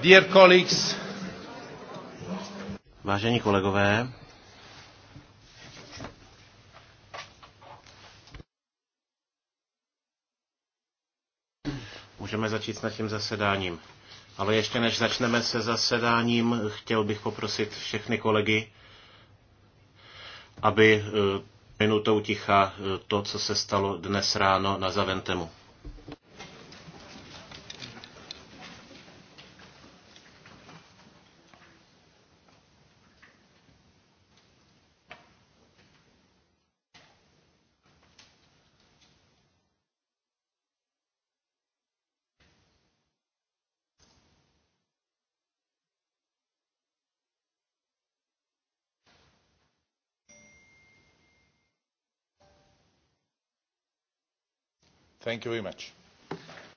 Dear colleagues, Vážení kolegové, můžeme začít s naším zasedáním. Ale ještě než začneme se zasedáním, chtěl bych poprosit všechny kolegy, aby eh, minutou ticha eh, to, co se stalo dnes ráno na Zaventemu.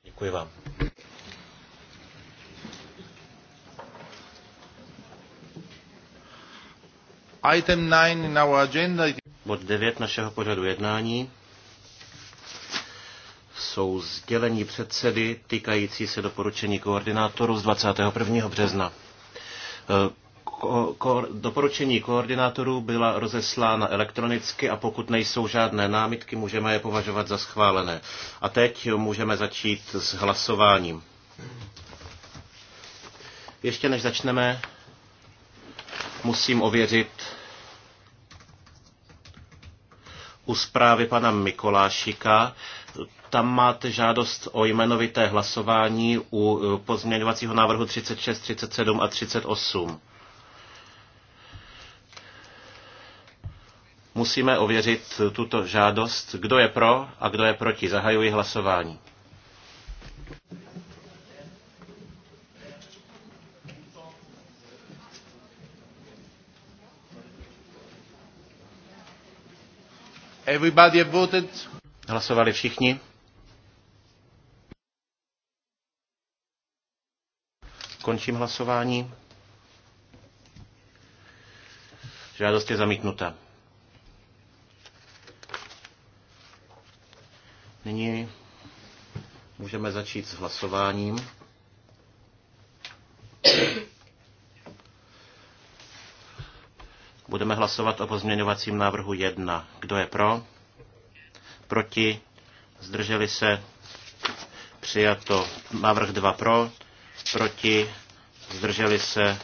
Děkuji vám. Item 9 in our agenda. Bod 9 našeho pořadu jednání jsou sdělení předsedy týkající se doporučení koordinátorů z 21. března. Eh, ko- doporučení koordinátorů byla rozeslána elektronicky a pokud nejsou žádné námitky, můžeme je považovat za schválené. A teď můžeme začít s hlasováním. Ještě než začneme, musím ověřit u zprávy pana Mikolášika. Tam máte žádost o jmenovité hlasování u pozměňovacího návrhu 36, 37 a 38. Musíme ověřit tuto žádost, kdo je pro a kdo je proti. Zahajuji hlasování. Everybody voted. Hlasovali všichni. Končím hlasování. Žádost je zamítnuta. můžeme začít s hlasováním. Budeme hlasovat o pozměňovacím návrhu 1. Kdo je pro? Proti? Zdrželi se? Přijato. Návrh 2 pro? Proti? Zdrželi se?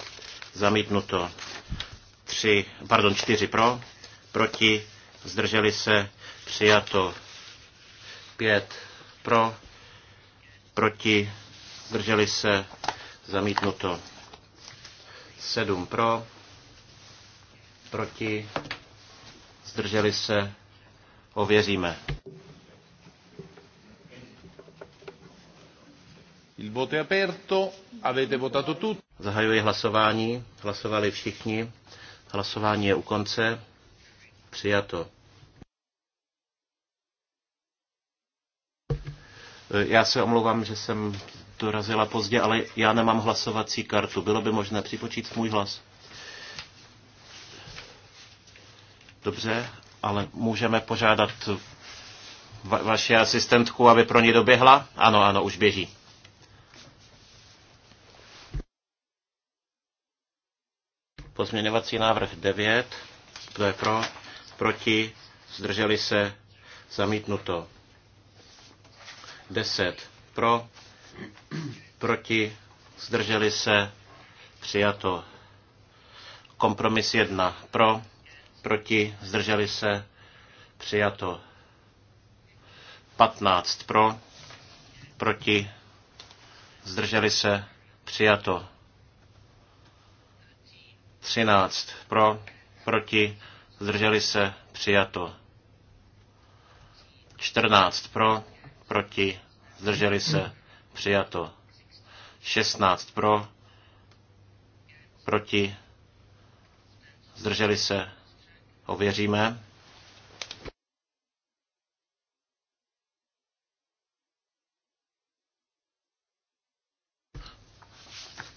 Zamítnuto. 3, pardon, 4 pro? Proti? Zdrželi se? Přijato. 5 pro? proti, zdrželi se, zamítnuto. 7 pro, proti, zdrželi se, ověříme. Il voto è aperto, avete votato tutti. Zahajuji hlasování, hlasovali všichni. Hlasování je u konce. Přijato. Eh, já se omlouvám, že jsem dorazila pozdě, ale já nemám hlasovací kartu. Bylo by možné připočít můj hlas? Dobře, ale můžeme požádat va- vaši asistentku, aby pro ní doběhla? Ano, ano, už běží. Pozměňovací návrh 9. Kdo je pro? Proti? Zdrželi se? Zamítnuto. 10 pro, proti, zdrželi se, přijato. Kompromis 1 pro, proti, zdrželi se, přijato. 15 pro, proti, zdrželi se, přijato. 13 pro, proti, zdrželi se, přijato. 14 pro, proti, zdrželi se, přijato. 16 pro, proti, zdrželi se, ověříme.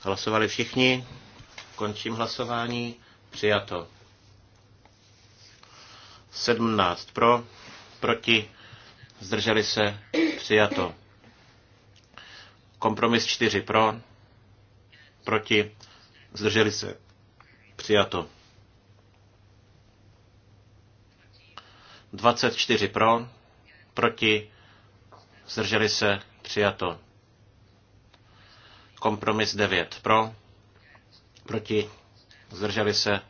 Hlasovali všichni, končím hlasování, přijato. 17 pro, proti, zdrželi se, přijato. Kompromis 4 pro, proti, zdrželi se, přijato. 24 pro, proti, zdrželi se, přijato. Kompromis 9 pro, proti, zdrželi se,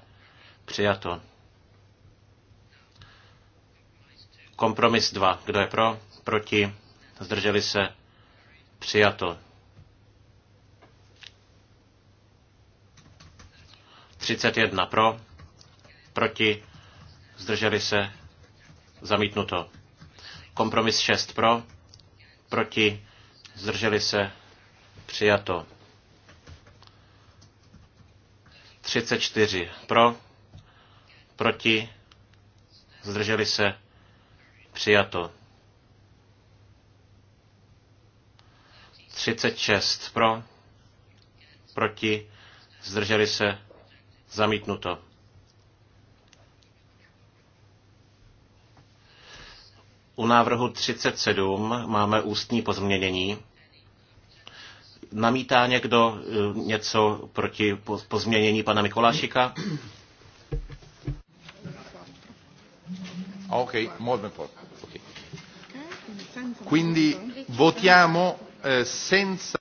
přijato. Kompromis 2. Kdo je pro? Proti? Zdrželi se? Přijato. 31 pro, proti, zdrželi se, zamítnuto. Kompromis 6 pro, proti, zdrželi se, přijato. 34 pro, proti, zdrželi se, Přijato. 36 pro, proti, zdrželi se, zamítnuto. U návrhu 37 máme ústní pozměnění. Namítá někdo eh, něco proti pozměnění pana Mikolášika? OK, můžeme pod. Quindi votiamo eh, senza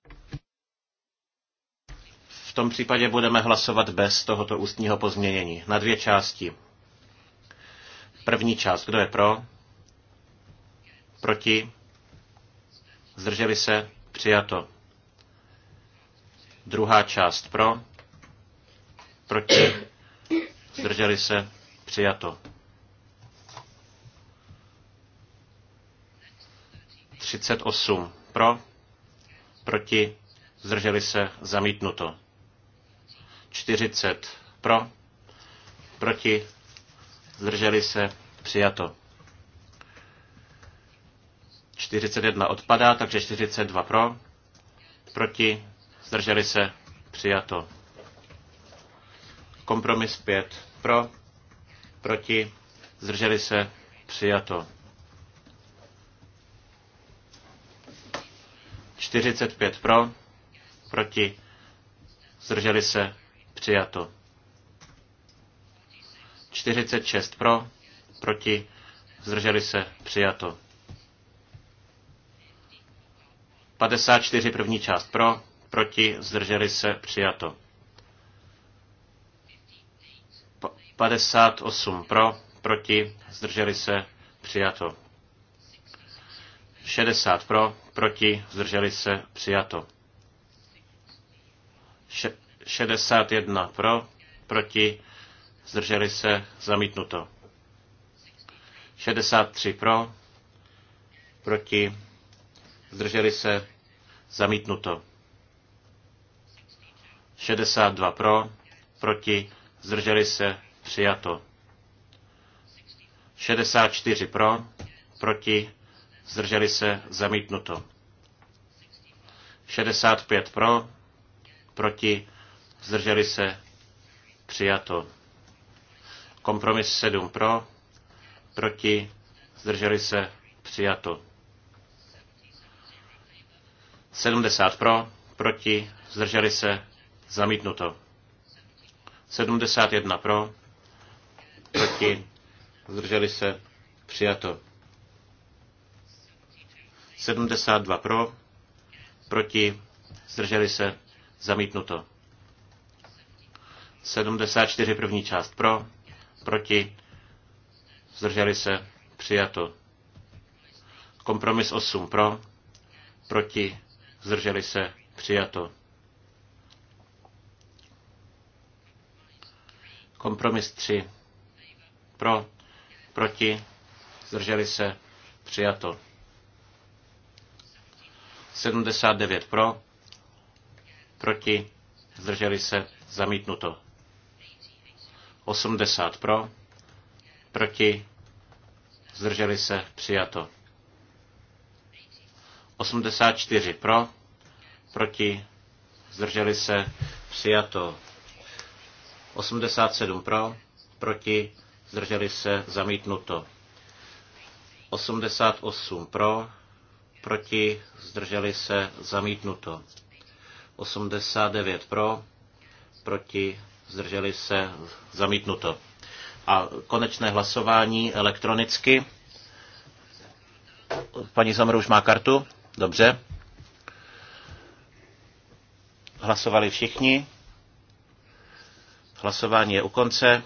v tom případě budeme hlasovat bez tohoto ústního pozměnění. Na dvě části. První část. Kdo je pro? Proti? Zdrželi se? Přijato. Druhá část. Pro? Proti? Zdrželi se? Přijato. 38 pro, proti, zdrželi se, zamítnuto. 40 pro, proti, zdrželi se, přijato. 41 odpadá, takže 42 pro, proti, zdrželi se, přijato. Kompromis 5 pro, proti, zdrželi se, přijato. 45 pro, proti, zdrželi se, přijato. 46 pro, proti, zdrželi se, přijato. 54 první část pro, proti, zdrželi se, přijato. 58 pro, proti, zdrželi se, přijato. 60 pro, proti, zdrželi se, přijato. 61 pro, proti, zdrželi se, zamítnuto. 63 pro, proti, zdrželi se, zamítnuto. 62 pro, proti, zdrželi se, přijato. 64 pro, proti, zdrželi se, zamítnuto. 65 pro, proti, zdrželi se, přijato. Kompromis 7 pro, proti, zdrželi se, přijato. 70 pro, proti, zdrželi se, zamítnuto. 71 pro, proti, zdrželi se, přijato. 72 pro, proti, zdrželi se, zamítnuto. 74 první část pro, proti, zdrželi se, přijato. Kompromis 8 pro, proti, zdrželi se, přijato. Kompromis 3 pro, proti, zdrželi se, přijato. 79 pro, proti, zdrželi se, zamítnuto. 80 pro, proti, zdrželi se, přijato. 84 pro, proti, zdrželi se, přijato. 87 pro, proti, zdrželi se, zamítnuto. 88 pro, proti, zdrželi se, zamítnuto. 89 pro, proti, zdrželi se, zamítnuto. A konečné hlasování elektronicky. Paní Zamr už má kartu? Dobře. Hlasovali všichni. Hlasování je u konce.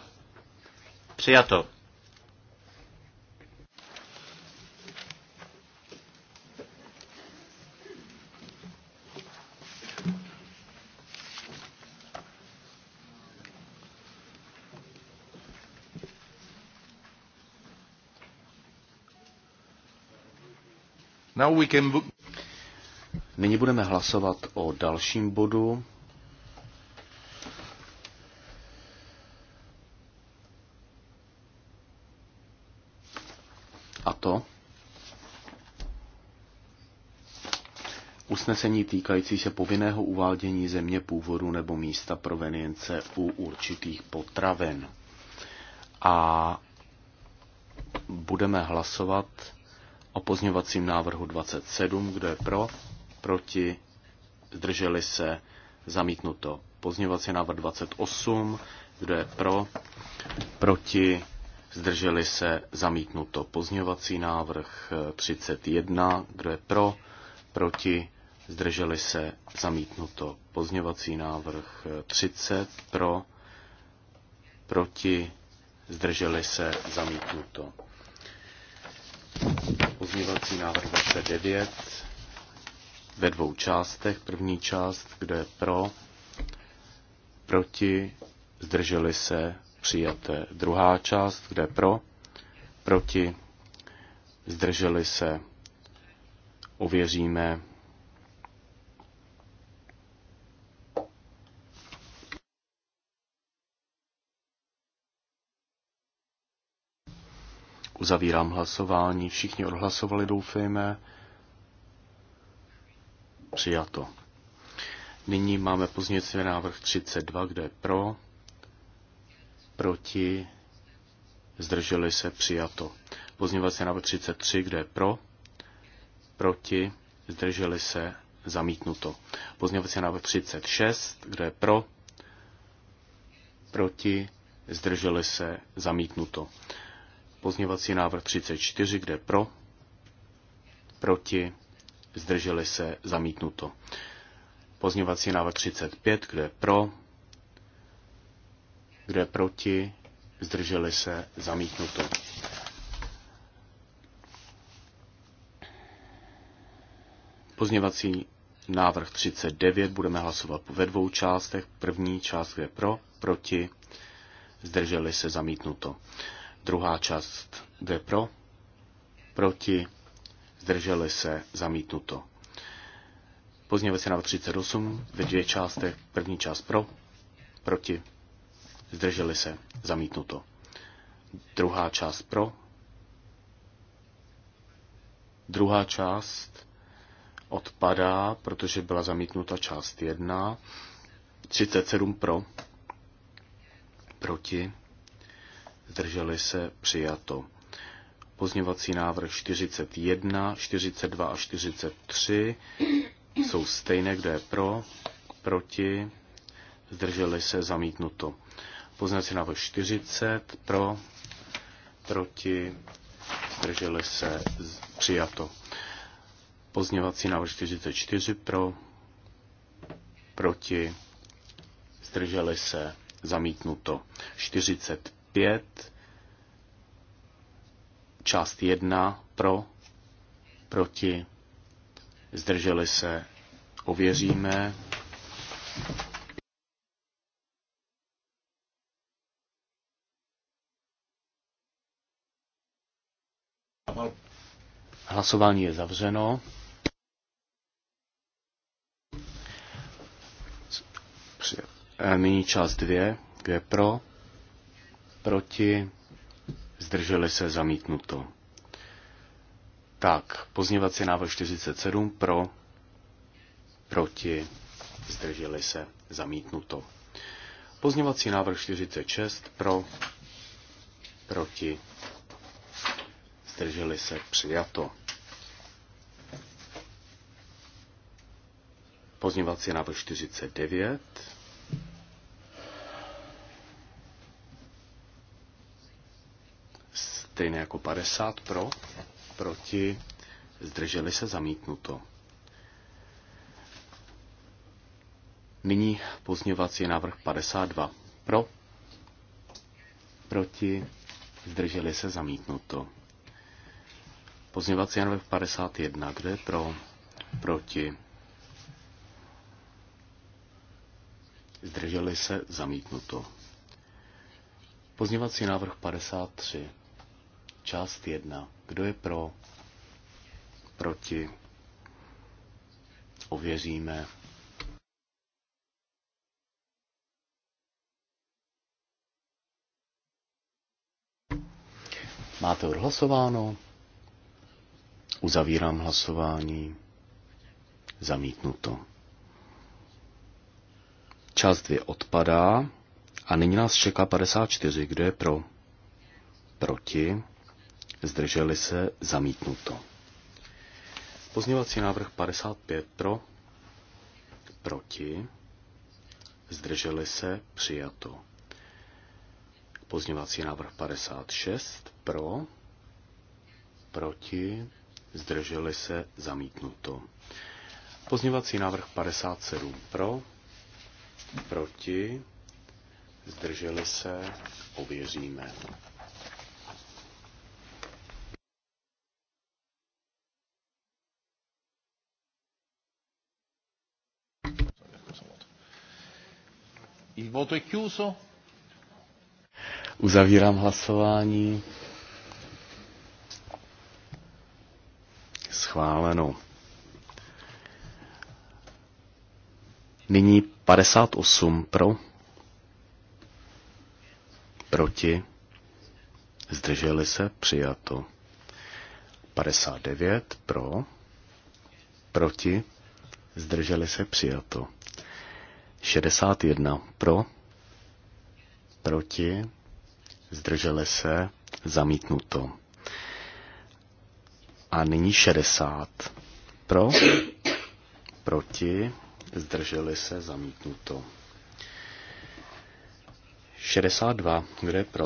Přijato. Nyní budeme hlasovat o dalším bodu. A to usnesení týkající se povinného uvádění země původu nebo místa provenience u určitých potravin. A budeme hlasovat o pozměňovacím návrhu 27. Kdo je pro? Proti? Zdrželi se? Zamítnuto. Pozměňovací návrh 28. Kdo je pro? Proti? Zdrželi se? Zamítnuto. Pozměňovací návrh 31. Kdo je pro? Proti? Zdrželi se? Zamítnuto. Pozměňovací návrh 30. Pro? Proti? Zdrželi se? Zamítnuto pozměňovací návrh 29 ve dvou částech. První část, kdo je pro, proti, zdrželi se, přijaté. Druhá část, kde je pro, proti, zdrželi se, ověříme Uzavírám hlasování. Všichni odhlasovali, doufejme. Přijato. Nyní máme pozměňovací návrh 32, kde je pro, proti, zdrželi se, přijato. Pozměňovací návrh 33, kde je pro, proti, zdrželi se, zamítnuto. Pozměňovací návrh 36, kde je pro, proti, zdrželi se, zamítnuto. Pozněvací návrh 34, kde pro, proti, zdrželi se, zamítnuto. Pozněvací návrh 35, kde pro, kde proti, zdrželi se, zamítnuto. Pozněvací návrh 39 budeme hlasovat ve dvou částech. První část, je pro, proti, zdrželi se, zamítnuto. Druhá část, jde pro, proti, zdrželi se, zamítnuto. Pozměňovací na 38 ve dvě částech. První část pro, proti, zdrželi se, zamítnuto. Druhá část pro, druhá část odpadá, protože byla zamítnuta část 1, 37 pro, proti, zdrželi se, přijato. Pozněvací návrh 41, 42 a 43 jsou stejné, kde je pro, proti, zdrželi se, zamítnuto. Pozněvací návrh 40, pro, proti, zdrželi se, přijato. Pozněvací návrh 44 pro, proti, zdrželi se, zamítnuto. 45 5, část 1 pro, proti, zdrželi se, ověříme. Hlasování je zavřeno. E, nyní část 2, kde pro, proti, zdrželi se zamítnuto. Tak, pozněvací návrh 47 pro, proti, zdrželi se zamítnuto. Pozněvací návrh 46 pro, proti, zdrželi se přijato. Pozněvací návrh 49 stejné jako 50 pro, proti, zdrželi se zamítnuto. Nyní pozměvací návrh 52. Pro, proti, zdrželi se zamítnuto. Pozměvací návrh 51. Kdo je pro, proti, zdrželi se zamítnuto. Pozněvací návrh 53. Část jedna, Kdo je pro? Proti? Ověříme. Máte odhlasováno? Uzavírám hlasování. Zamítnuto. Část dvě odpadá a nyní nás čeká 54. Kdo je pro? Proti? zdrželi se, zamítnuto. Pozněvací návrh 55 pro, proti, zdrželi se, přijato. Pozněvací návrh 56 pro, proti, zdrželi se, zamítnuto. Pozněvací návrh 57 pro, proti, zdrželi se, ověříme. Il voto è chiuso. Uzavírám hlasování. Schváleno. Nyní 58 pro, proti, zdrželi se, přijato. 59 pro, proti, zdrželi se, přijato. 61 pro, proti, zdrželi se, zamítnuto. A nyní 60 pro, proti, zdrželi se, zamítnuto. 62, kde je pro,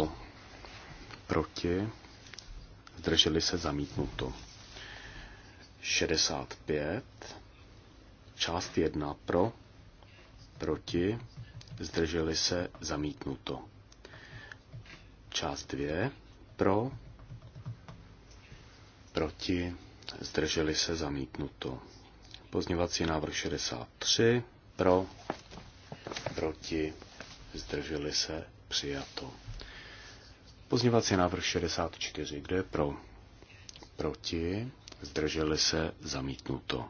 proti, zdrželi se, zamítnuto. 65, část 1 pro, proti, zdrželi se, zamítnuto. Část 2, pro, proti, zdrželi se, zamítnuto. Pozněvací návrh 63, pro, proti, zdrželi se, přijato. Pozněvací návrh 64, kde pro, proti, zdrželi se, zamítnuto.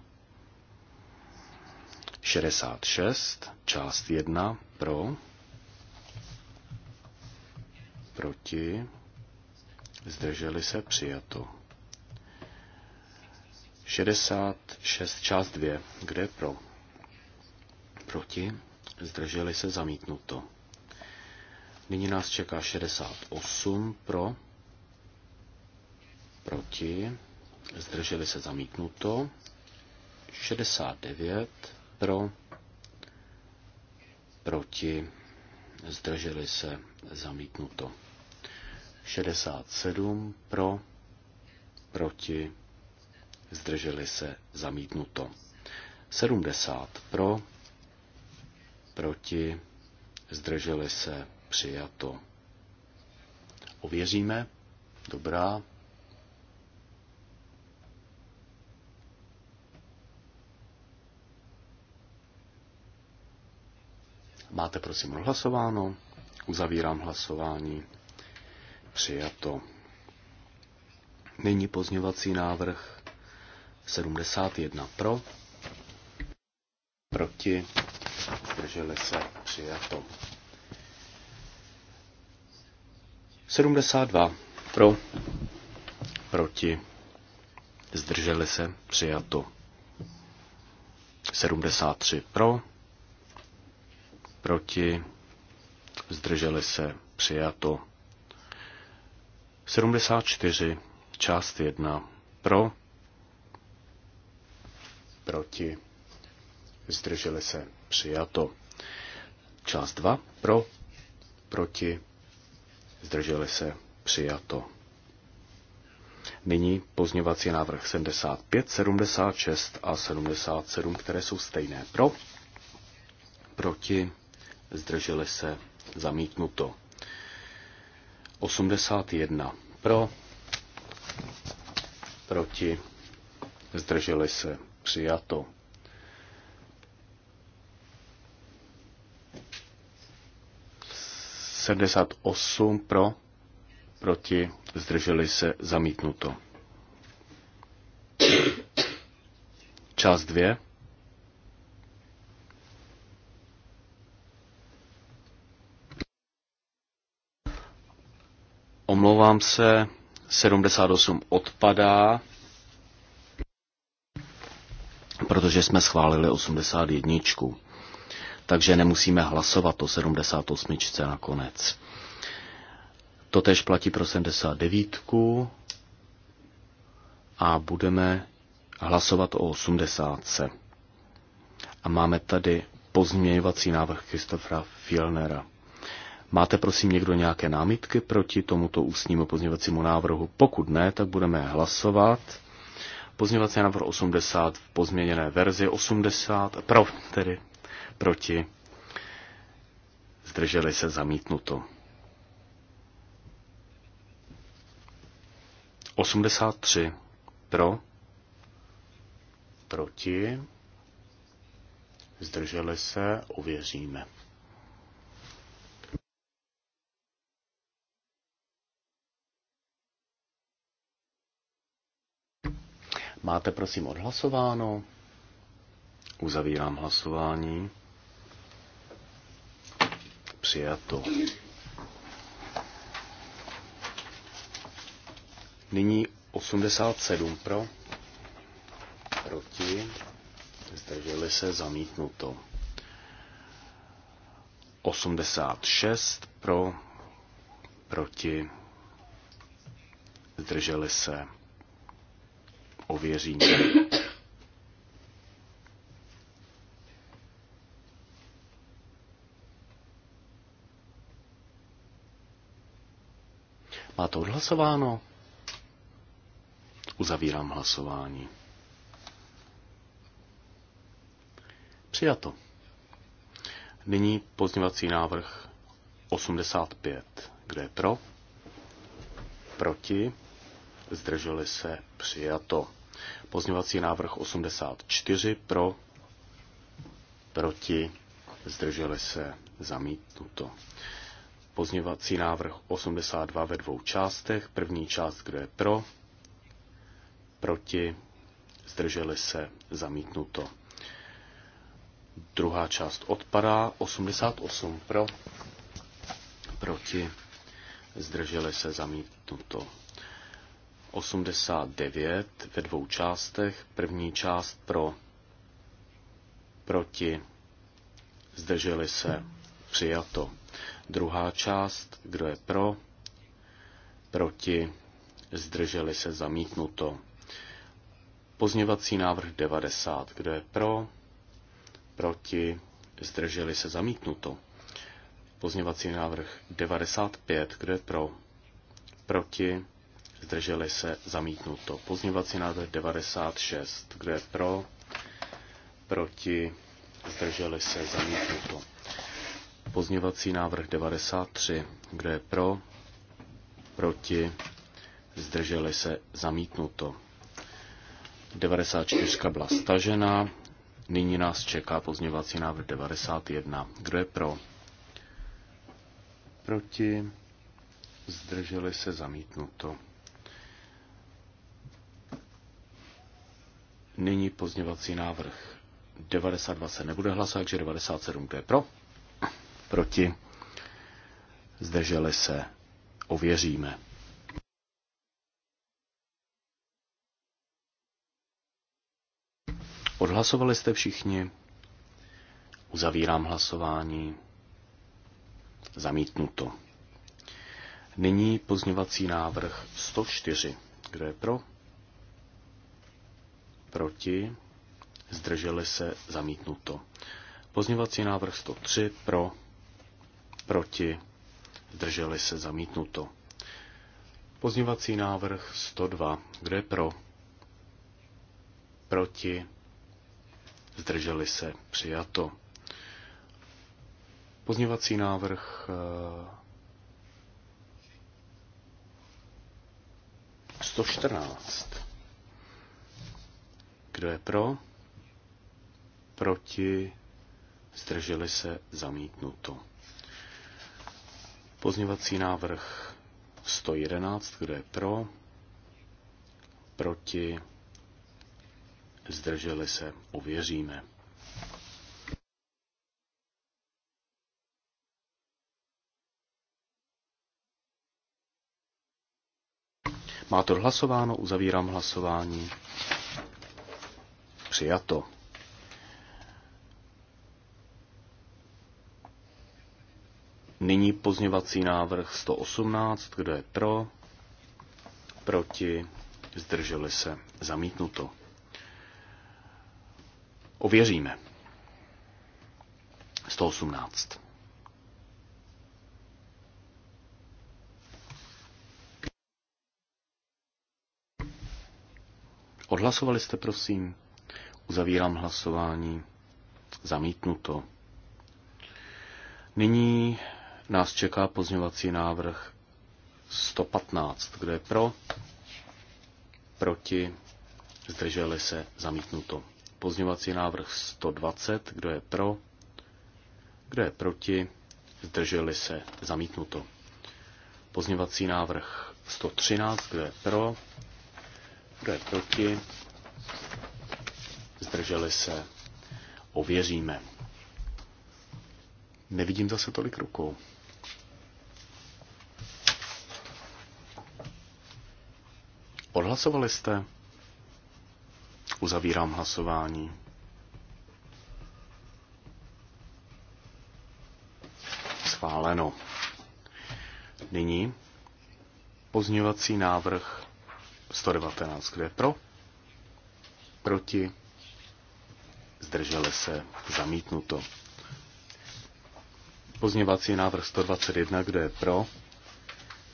66, část 1 pro, proti, zdrželi se přijato. 66, část 2, kde pro, proti, zdrželi se zamítnuto. Nyní nás čeká 68 pro, proti, zdrželi se zamítnuto. 69 pro, proti, zdrželi se, zamítnuto. 67 pro, proti, zdrželi se, zamítnuto. 70 pro, proti, zdrželi se, přijato. Ověříme, dobrá, Máte prosím odhlasováno. Uzavírám hlasování. Přijato. Nyní pozněvací návrh 71 pro. Proti. Drželi se. Přijato. 72 pro. Proti. Zdrželi se. Přijato. 73 pro proti, zdrželi se, přijato. 74, část 1, pro, proti, zdrželi se, přijato. Část 2, pro, proti, zdrželi se, přijato. Nyní pozněvací návrh 75, 76 a 77, které jsou stejné pro, proti, zdrželi se, zamítnuto. 81 pro, proti, zdrželi se, přijato. Sedmdesát osm pro, proti, zdrželi se, zamítnuto. Část dvě. omlouvám se, 78 odpadá, protože jsme schválili 81. Takže nemusíme hlasovat o 78. nakonec. To tež platí pro 79. A budeme hlasovat o 80. A máme tady pozměňovací návrh Kristofra Fielnera. Máte prosím někdo nějaké námitky proti tomuto ústnímu pozměňovacímu návrhu? Pokud ne, tak budeme hlasovat. Pozměňovací návrh 80 v pozměněné verzi 80, pro, tedy proti, zdrželi se zamítnuto. 83 pro, proti, zdrželi se, ověříme. Máte prosím odhlasováno? Uzavírám hlasování. Přijato. Nyní 87 pro, proti, zdrželi se, zamítnuto. 86 pro, proti, zdrželi se, ověříme. Má to odhlasováno? Uzavírám hlasování. Přijato. Nyní pozněvací návrh 85. Kde je pro? Proti? Zdrželi se? Přijato. Pozměňovací návrh 84 pro, proti, zdrželi se, zamítnuto. Pozměňovací návrh 82 ve dvou částech. První část, kdo je pro, proti, zdrželi se, zamítnuto. Druhá část odpadá, 88 pro, proti, zdrželi se, zamítnuto. 89 ve dvou částech. První část pro, proti, zdrželi se, přijato. Druhá část, kdo je pro, proti, zdrželi se, zamítnuto. Pozněvací návrh 90, kdo je pro, proti, zdrželi se, zamítnuto. Pozněvací návrh 95, kdo je pro, proti, zdrželi se, zamítnuto. Pozměňovací návrh 96, kde je pro, proti, zdrželi se, zamítnuto. Pozměňovací návrh 93, kde je pro, proti, zdrželi se, zamítnuto. 94 byla stažena, nyní nás čeká pozměňovací návrh 91. Kdo je pro? Proti, zdrželi se, zamítnuto. Nyní pozněvací návrh 92 se nebude hlasovat, takže 97 to je pro, proti, zdrželi se, ověříme. Odhlasovali jste všichni? Uzavírám hlasování. Zamítnuto. Nyní pozněvací návrh 104. Kdo je pro? proti, zdrželi se, zamítnuto. Pozněvací návrh 103 pro, proti, zdrželi se, zamítnuto. Pozněvací návrh 102, kde pro, proti, zdrželi se, přijato. Pozněvací návrh 114 eh, kdo je pro? Proti? Zdrželi se? Zamítnuto. Pozněvací návrh 111. Kdo je pro? Proti? Zdrželi se? Ověříme. Má to hlasováno, uzavírám hlasování přijato. Nyní pozněvací návrh 118, kdo je pro, proti, zdrželi se, zamítnuto. Ověříme. 118. Odhlasovali jste, prosím? Uzavírám hlasování. Zamítnuto. Nyní nás čeká pozměvací návrh 115. Kdo je pro? Proti? Zdrželi se? Zamítnuto. Pozměvací návrh 120. Kdo je pro? Kdo je proti? Zdrželi se? Zamítnuto. Pozměvací návrh 113. Kdo je pro? Kdo je proti? zdrželi se, ověříme. Nevidím zase tolik rukou. Odhlasovali jste? Uzavírám hlasování. Schváleno. Nyní pozměvací návrh 119. Kde pro? Proti? zdržele se, zamítnuto. Pozněvací návrh 121, kdo je pro,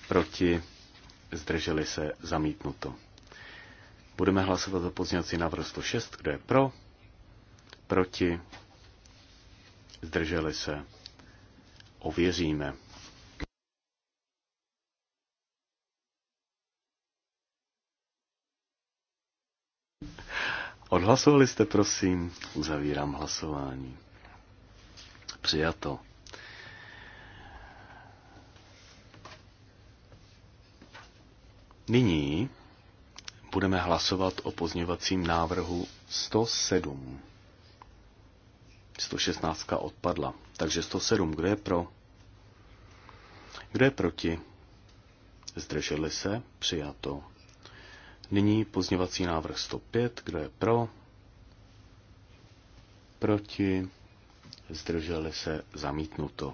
proti, zdrželi se, zamítnuto. Budeme hlasovat o pozněvací návrh 106, kdo je pro, proti, zdrželi se, ověříme. Odhlasovali jste, prosím? Uzavírám hlasování. Přijato. Nyní budeme hlasovat o pozněvacím návrhu 107. 116 odpadla. Takže 107, kdo je pro? Kdo je proti? Zdrželi se? Přijato. Nyní pozněvací návrh 105. Kdo je pro? Proti? Zdrželi se? Zamítnuto.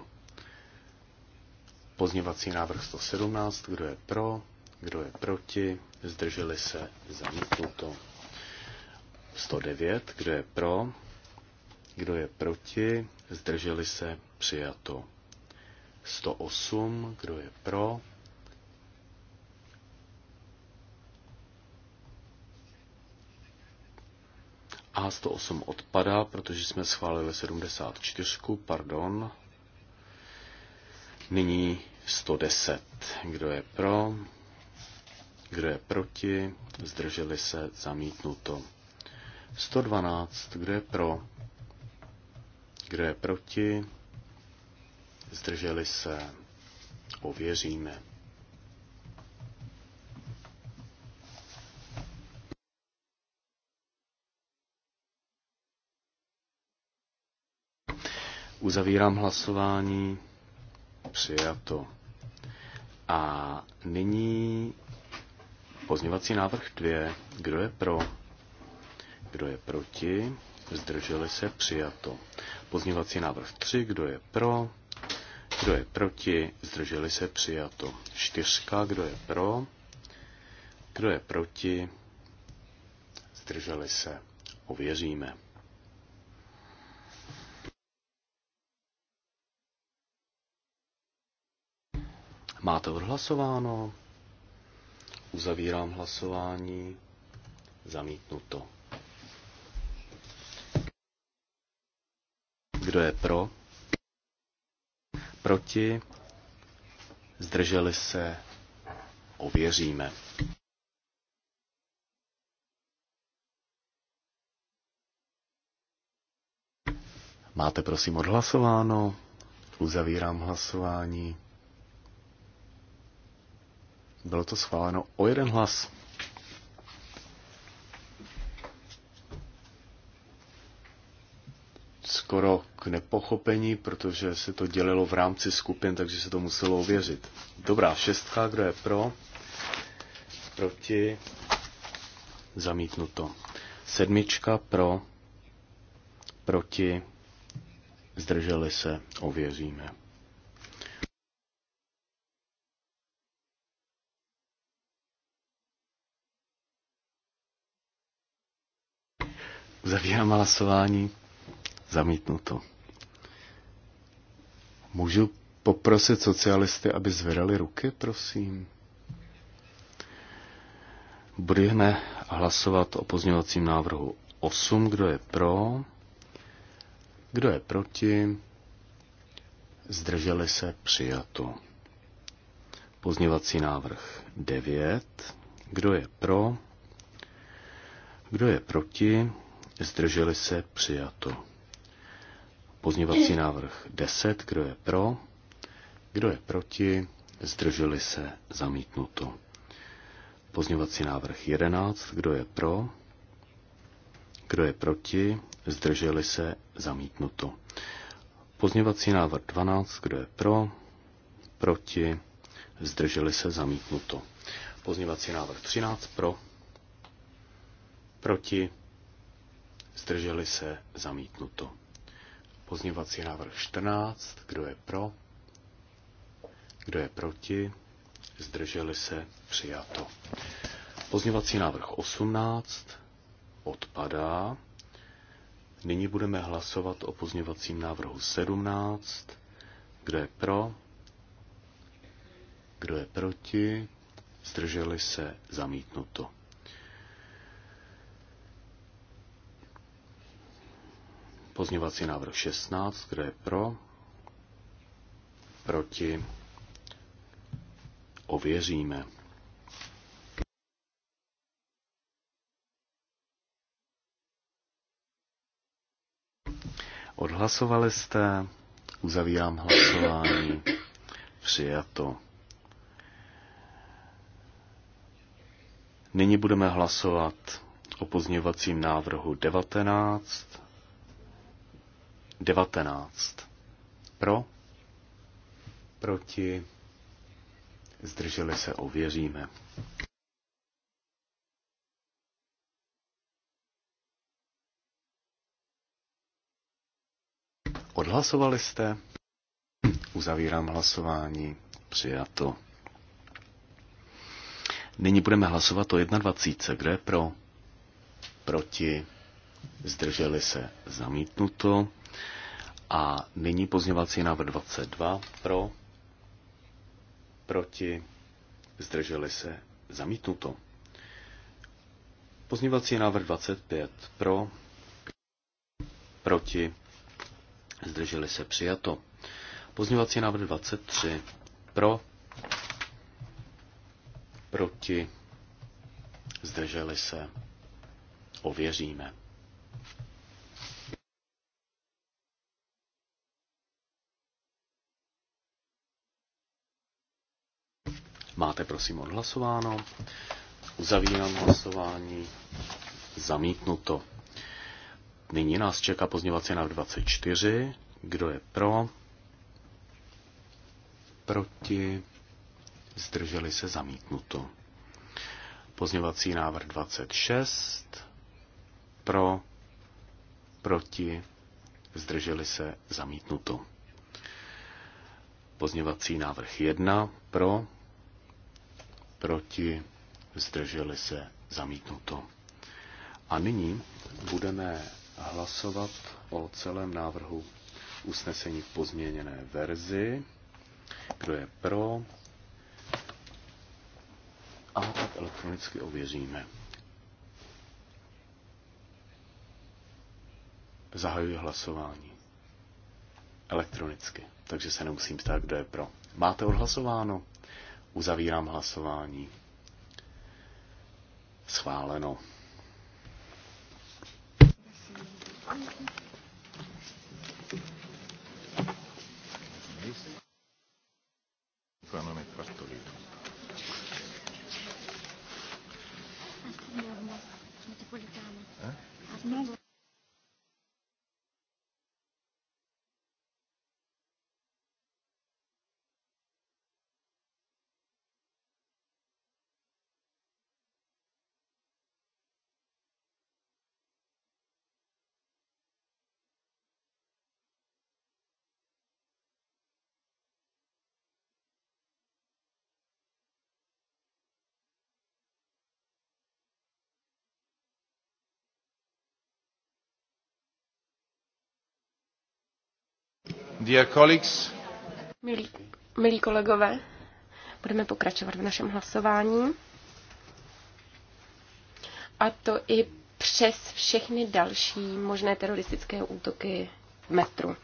Pozněvací návrh 117. Kdo je pro? Kdo je proti? Zdrželi se? Zamítnuto. 109. Kdo je pro? Kdo je proti? Zdrželi se? Přijato. 108. Kdo je pro? A108 odpadá, protože jsme schválili 74, pardon. Nyní 110. Kdo je pro? Kdo je proti? Zdrželi se zamítnuto. 112. Kdo je pro? Kdo je proti? Zdrželi se. Ověříme. Uzavírám hlasování. Přijato. A nyní pozněvací návrh 2. Kdo je pro? Kdo je proti? Zdrželi se přijato. Pozněvací návrh 3. Kdo je pro? Kdo je proti? Zdrželi se přijato. Čtyřka. Kdo je pro? Kdo je proti? Zdrželi se. Ověříme. Máte odhlasováno? Uzavírám hlasování. Zamítnuto. Kdo je pro? Proti? Zdrželi se? Ověříme. Máte prosím odhlasováno? Uzavírám hlasování. Bylo to schváleno o jeden hlas. Skoro k nepochopení, protože se to dělilo v rámci skupin, takže se to muselo ověřit. Dobrá, šestka, kdo je pro? Proti? Zamítnuto. Sedmička pro? Proti? Zdrželi se, ověříme. Zavírám hlasování. Zamítnuto. Můžu poprosit socialisty, aby zvedali ruky, prosím? Budeme hlasovat o pozměňovacím návrhu 8. Kdo je pro? Kdo je proti? Zdrželi se přijato. Pozněvací návrh 9. Kdo je pro? Kdo je proti? zdrželi se, přijato. Pozněvací návrh 10, kdo je pro, kdo je proti, zdrželi se, zamítnuto. Pozněvací návrh 11, kdo je pro, kdo je proti, zdrželi se, zamítnuto. Pozněvací návrh 12, kdo je pro, proti, zdrželi se, zamítnuto. Pozněvací návrh 13, pro, proti, zdrželi se, zamítnuto. Pozněvací návrh 14, kdo je pro, kdo je proti, zdrželi se, přijato. Pozněvací návrh 18 odpadá. Nyní budeme hlasovat o pozněvacím návrhu 17. Kdo je pro? Kdo je proti? Zdrželi se zamítnuto. Pozměňovací návrh 16, kdo je pro? Proti? Ověříme. Odhlasovali jste, uzavírám hlasování, přijato. Nyní budeme hlasovat o pozměňovacím návrhu 19 19. Pro? Proti? Zdrželi se, ověříme. Odhlasovali jste? Uzavírám hlasování. Přijato. Nyní budeme hlasovat o 21. Kde je pro? Proti? Zdrželi se? Zamítnuto. A nyní pozněvací návrh 22 pro, proti, zdrželi se, zamítnuto. Pozněvací návrh 25 pro, proti, zdrželi se, přijato. Pozněvací návrh 23 pro, proti, zdrželi se, ověříme. prosím odhlasováno. Uzavírám hlasování. Zamítnuto. Nyní nás čeká pozněvací návrh 24. Kdo je pro? Proti? Zdrželi se zamítnuto. Pozněvací návrh 26. Pro? Proti? Zdrželi se zamítnuto. Pozněvací návrh 1. Pro? proti, zdrželi se, zamítnuto. A nyní budeme hlasovat o celém návrhu usnesení v pozměněné verzi. Kdo je pro? A tak elektronicky ověříme. Zahajuji hlasování. Elektronicky. Takže se nemusím ptát, kdo je pro. Máte odhlasováno? Uzavírám hlasování. Schváleno. Thank you. milí kolegové, budeme pokračovat v našem hlasování. A to i přes všechny další možné teroristické útoky v metru.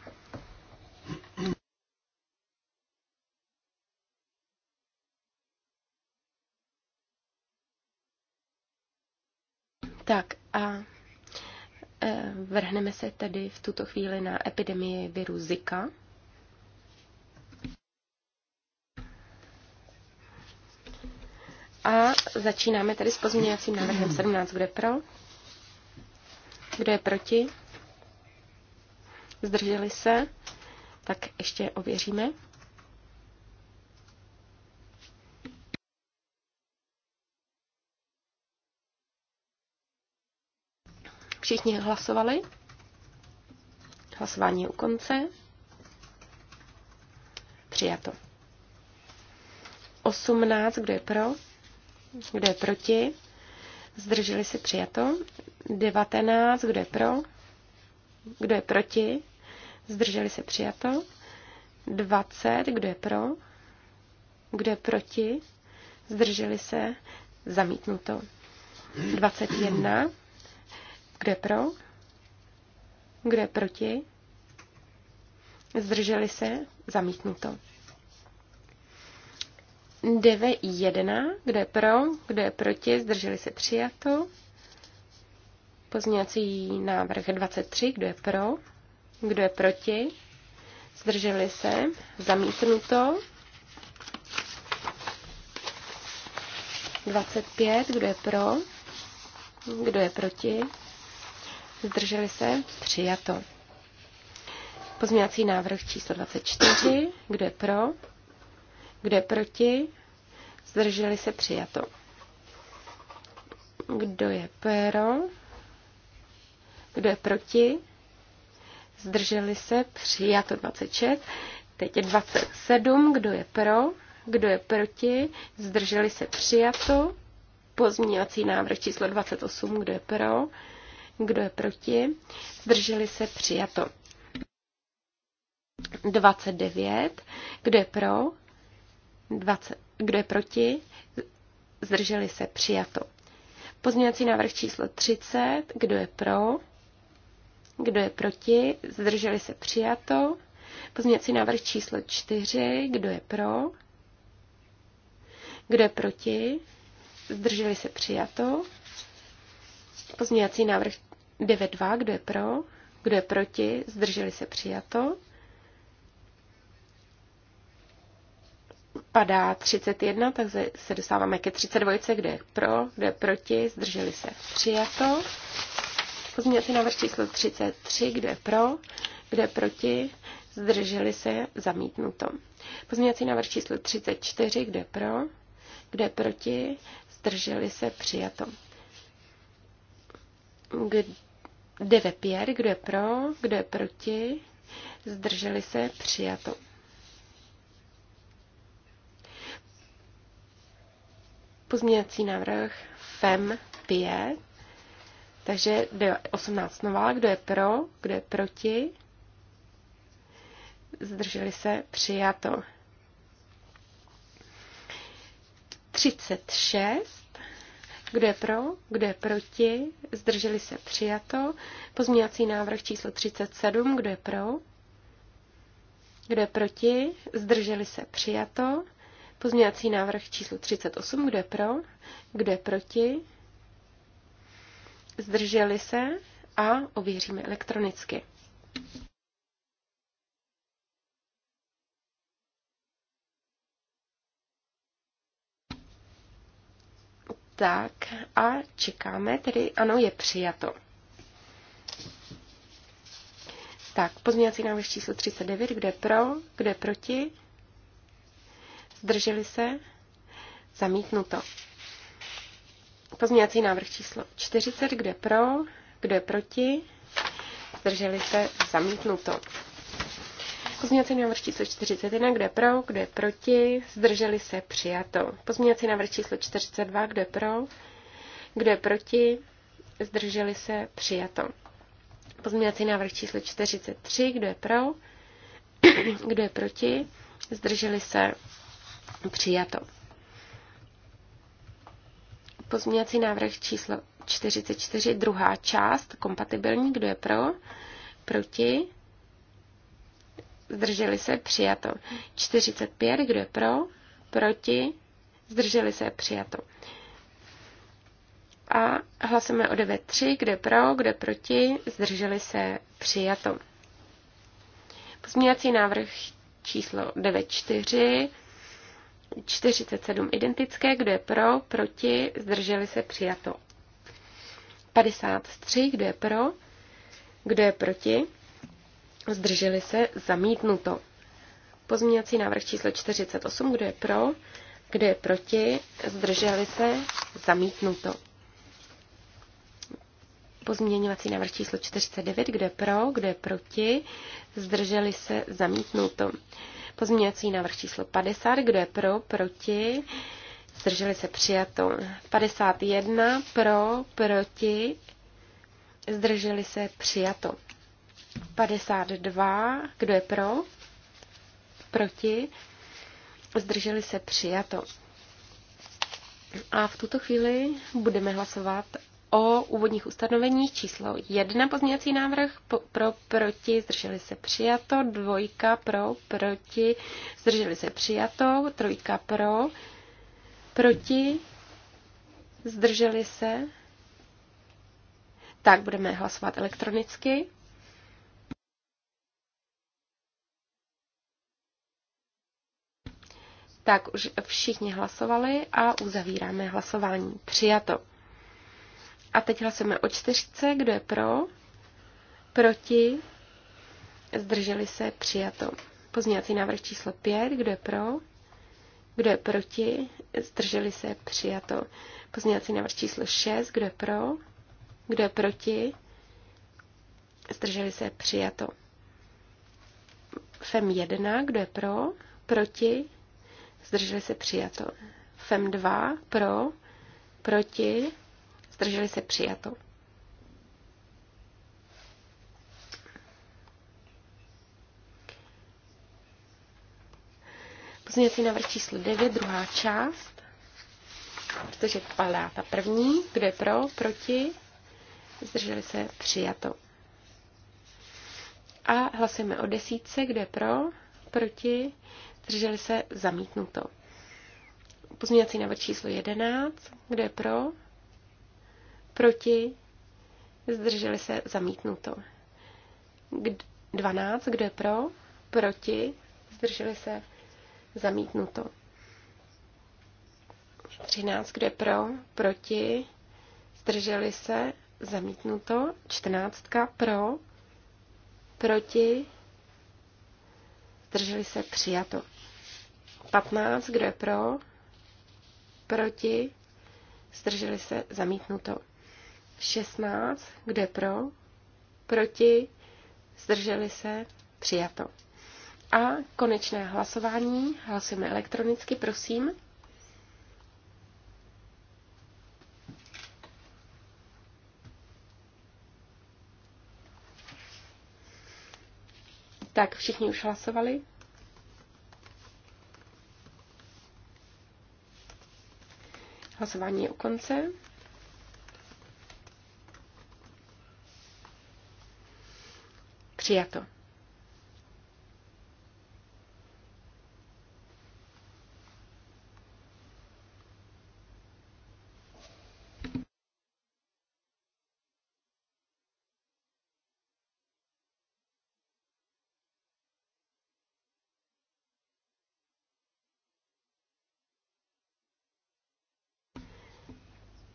Tak a Eh, vrhneme se tedy v tuto chvíli na epidemii viru Zika. A začínáme tedy s pozměňovacím návrhem 17. Kdo je pro? Kdo je proti? Zdrželi se? Tak ještě ověříme. Všichni hlasovali? Hlasování je u konce. Přijato. 18, kdo je pro? Kdo je proti? Zdrželi se přijato. 19, kdo je pro? Kdo je proti? Zdrželi se přijato. 20, kdo je pro? Kdo je proti? Zdrželi se zamítnuto. 21, kde pro? Kde proti? Zdrželi se? Zamítnuto. 9.1. Kdo je pro? Kdo je proti? Zdrželi se? Přijato. Pozměňovací návrh 23. Kdo je pro? Kdo je proti? Zdrželi se? Zamítnuto. 25. Kdo je pro? Kdo je proti? zdrželi se, přijato. Pozměňovací návrh číslo 24, kdo je pro, kdo je proti, zdrželi se, přijato. Kdo je pro, kdo je proti, zdrželi se, přijato 26. Teď je 27, kdo je pro, kdo je proti, zdrželi se, přijato. Pozměňovací návrh číslo 28, kdo je pro, kdo je proti? Zdrželi se přijato. 29. Kdo je pro? 20. Kdo je proti? Zdrželi se přijato. Pozměňovací návrh číslo 30. Kdo je pro? Kdo je proti? Zdrželi se přijato. Pozměňovací návrh číslo 4. Kdo je pro? Kdo je proti? Zdrželi se přijato. Pozměňovací návrh 9.2, kdo je pro, kdo je proti, zdrželi se přijato. Padá 31, takže se dostáváme ke 32, kde je pro, kde je proti, zdrželi se přijato. Pozměňovací návrh číslo 33, kde je pro, kde je proti, zdrželi se zamítnuto. Pozměňovací návrh číslo 34, kde je pro, kde je proti, zdrželi se přijato. Kde 9.5. Kdo je pro? Kdo je proti? Zdrželi se? Přijato. Pozměňovací návrh FEM 5. Takže 18 nová. Kdo je pro? Kdo je proti? Zdrželi se? Přijato. 36. Kdo je pro? Kdo je proti? Zdrželi se přijato. Pozměňovací návrh číslo 37. Kdo je pro? Kdo je proti? Zdrželi se přijato. Pozměňovací návrh číslo 38. Kdo je pro? Kdo je proti? Zdrželi se a ověříme elektronicky. Tak a čekáme, tedy ano, je přijato. Tak, pozměňovací návrh číslo 39, kde pro, kde proti, zdrželi se, zamítnuto. Pozměňovací návrh číslo 40, kde pro, kde proti, zdrželi se, zamítnuto. Pozměňovací návrh číslo 41, kdo je pro, kdo je proti, zdrželi se, přijato. Pozměňovací návrh číslo 42, kdo je pro, kdo je proti, zdrželi se, přijato. Pozměňovací návrh číslo 43, kdo je pro, kdo je proti, zdrželi se, přijato. Pozměňovací návrh číslo 44, druhá část, kompatibilní, kdo je pro, proti, zdrželi se, přijato. 45, kdo je pro, proti, zdrželi se, přijato. A hlasujeme o 9.3, je pro, je proti, zdrželi se, přijato. Pozměňovací návrh číslo 9.4, 47 identické, kdo je pro, proti, zdrželi se, přijato. 53, kdo je pro, kdo je proti, Zdrželi se? Zamítnuto. Pozměňovací návrh číslo 48. Kdo je pro? Kdo je proti? Zdrželi se? Zamítnuto. Pozměňovací návrh číslo 49. Kdo je pro? Kdo je proti? Zdrželi se? Zamítnuto. Pozměňovací návrh číslo 50. Kdo je pro? Proti? Zdrželi se? Přijato. 51. Pro? Proti? Zdrželi se? Přijato. 52. Kdo je pro? Proti? Zdrželi se přijato. A v tuto chvíli budeme hlasovat o úvodních ustanoveních číslo 1 pozměňovací návrh pro proti zdrželi se přijato, dvojka pro proti zdrželi se přijato, trojka pro proti zdrželi se. Tak budeme hlasovat elektronicky. Tak už všichni hlasovali a uzavíráme hlasování. Přijato. A teď hlasujeme o čtyřce, kdo je pro, proti, zdrželi se, přijato. Pozměňovací návrh číslo 5, kdo je pro, kdo je proti, zdrželi se, přijato. Pozměňovací návrh číslo 6, kdo je pro, kdo je proti, zdrželi se, přijato. FEM 1, kdo je pro, proti, zdrželi se přijato. FEM 2 pro, proti, zdrželi se přijato. Pozměňovací návrh číslo 9, druhá část, protože padá ta první, kdo je pro, proti, zdrželi se přijato. A hlasujeme o desítce, kde pro, proti, zdrželi se, zamítnuto. Pozměňovací návrh číslo 11, kdo je pro, proti, zdrželi se, zamítnuto. 12, kdo je pro, proti, zdrželi se, zamítnuto. 13, kdo je pro, proti, zdrželi se, zamítnuto. 14, pro, proti, zdrželi se, přijato. 15, kdo je pro, proti, zdrželi se, zamítnuto. 16, kdo je pro, proti, zdrželi se, přijato. A konečné hlasování, hlasujeme elektronicky, prosím. Tak, všichni už hlasovali? Hlasování je u konce. Přijato.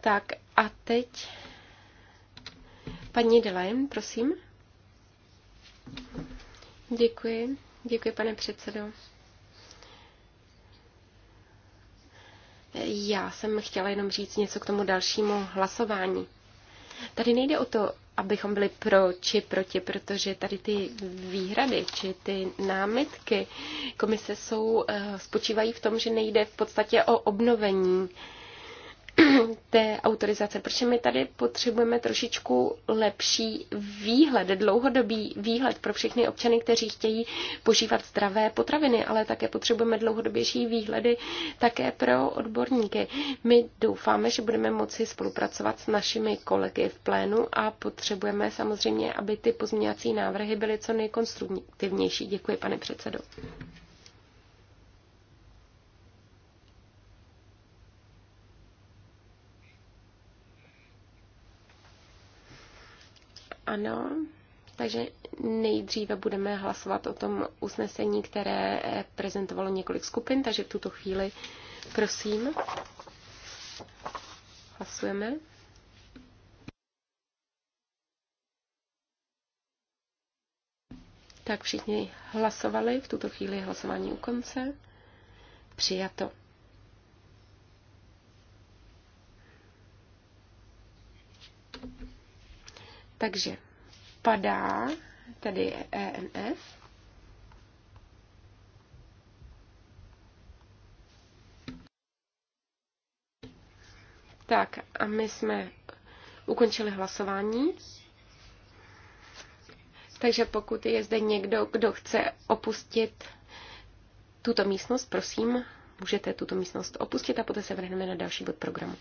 Tak a teď paní Delajem, prosím. Děkuji. Děkuji, pane předsedo. Já jsem chtěla jenom říct něco k tomu dalšímu hlasování. Tady nejde o to, abychom byli pro či proti, protože tady ty výhrady či ty námitky komise jsou, eh, spočívají v tom, že nejde v podstatě o obnovení té autorizace, protože my tady potřebujeme trošičku lepší výhled, dlouhodobý výhled pro všechny občany, kteří chtějí požívat zdravé potraviny, ale také potřebujeme dlouhodobější výhledy také pro odborníky. My doufáme, že budeme moci spolupracovat s našimi kolegy v plénu a potřebujeme samozřejmě, aby ty pozměňovací návrhy byly co nejkonstruktivnější. Děkuji, pane předsedo. Ano. Takže nejdříve budeme hlasovat o tom usnesení, které eh, prezentovalo několik skupin, takže v tuto chvíli prosím. Hlasujeme. Tak všichni hlasovali, v tuto chvíli hlasování u konce. Přijato. Takže padá tady EMF. Tak a my jsme ukončili hlasování. Takže pokud je zde někdo, kdo chce opustit tuto místnost, prosím, můžete tuto místnost opustit a poté se vrhneme na další bod programu.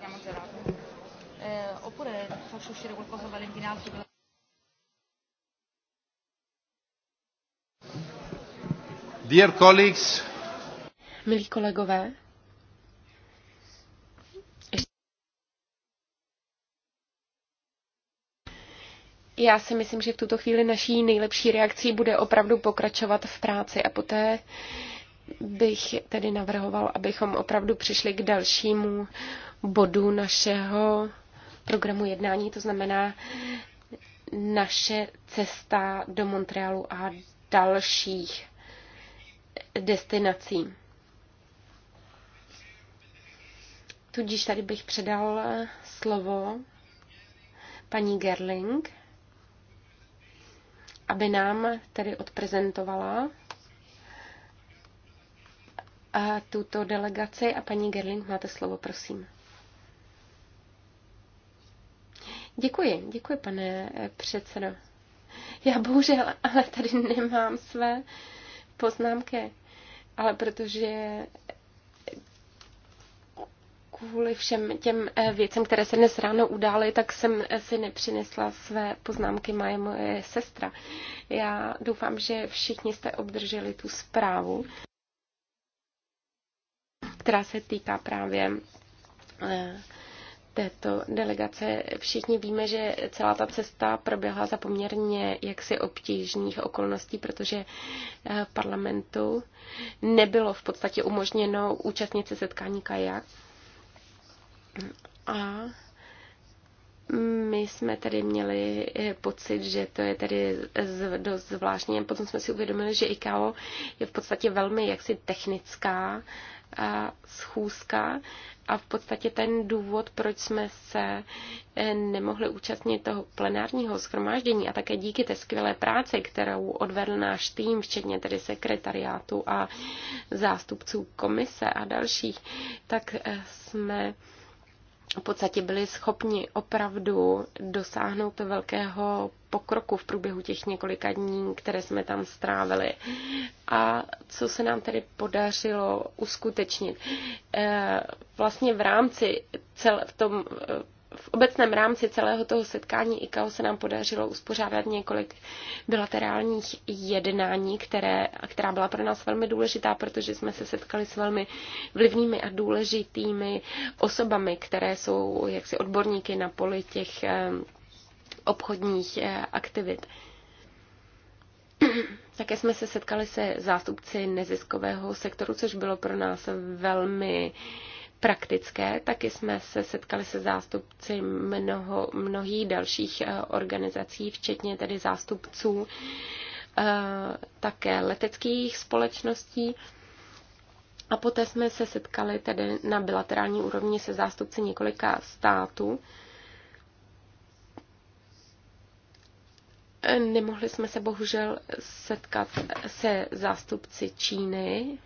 Abbiamo gelato. Eh, oppure faccio uscire qualcosa dall'invinato. Per... Dear colleagues. Milí kolegové, Já si myslím, že v tuto chvíli naší nejlepší reakcí bude opravdu pokračovat v práci a poté bych tedy navrhoval, abychom opravdu přišli k dalšímu bodů našeho programu jednání, to znamená naše cesta do Montrealu a dalších destinací. Tudíž tady bych předal slovo paní Gerling, aby nám tedy odprezentovala tuto delegaci. A paní Gerling, máte slovo, prosím. Děkuji, děkuji, pane eh, předsedo. Já bohužel, ale tady nemám své poznámky, ale protože kvůli všem těm eh, věcem, které se dnes ráno udály, tak jsem eh, si nepřinesla své poznámky, má moje sestra. Já doufám, že všichni jste obdrželi tu zprávu, která se týká právě této delegace. Všichni víme, že celá ta cesta proběhla za poměrně jaksi obtížných okolností, protože eh, parlamentu nebylo v podstatě umožněno účastnit se setkání kajak. A my jsme tady měli eh, pocit, že to je tady dost zvláštní. Potom jsme si uvědomili, že ICAO je v podstatě velmi jaksi technická schůzka a v podstatě ten důvod, proč jsme se eh, nemohli účastnit toho plenárního schromáždění a také díky té skvělé práci, kterou odvedl náš tým, včetně tedy sekretariátu a zástupců komise a dalších, tak eh, jsme v podstatě byli schopni opravdu dosáhnout velkého pokroku v průběhu těch několika dní, které jsme tam strávili. A co se nám tedy podařilo uskutečnit? Eh, vlastně v rámci cel, v tom eh, v obecném rámci celého toho setkání ICAO se nám podařilo uspořádat několik bilaterálních jednání, které, která byla pro nás velmi důležitá, protože jsme se setkali s velmi vlivnými a důležitými osobami, které jsou jaksi odborníky na poli těch obchodních eh, aktivit. Také jsme se setkali se zástupci neziskového sektoru, což bylo pro nás velmi praktické. Taky jsme se setkali se zástupci mnoho, mnohých dalších eh, organizací, včetně tedy zástupců eh, také leteckých společností. A poté jsme se setkali tedy na bilaterální úrovni se zástupci několika států. Eh, nemohli jsme se bohužel setkat se zástupci Číny,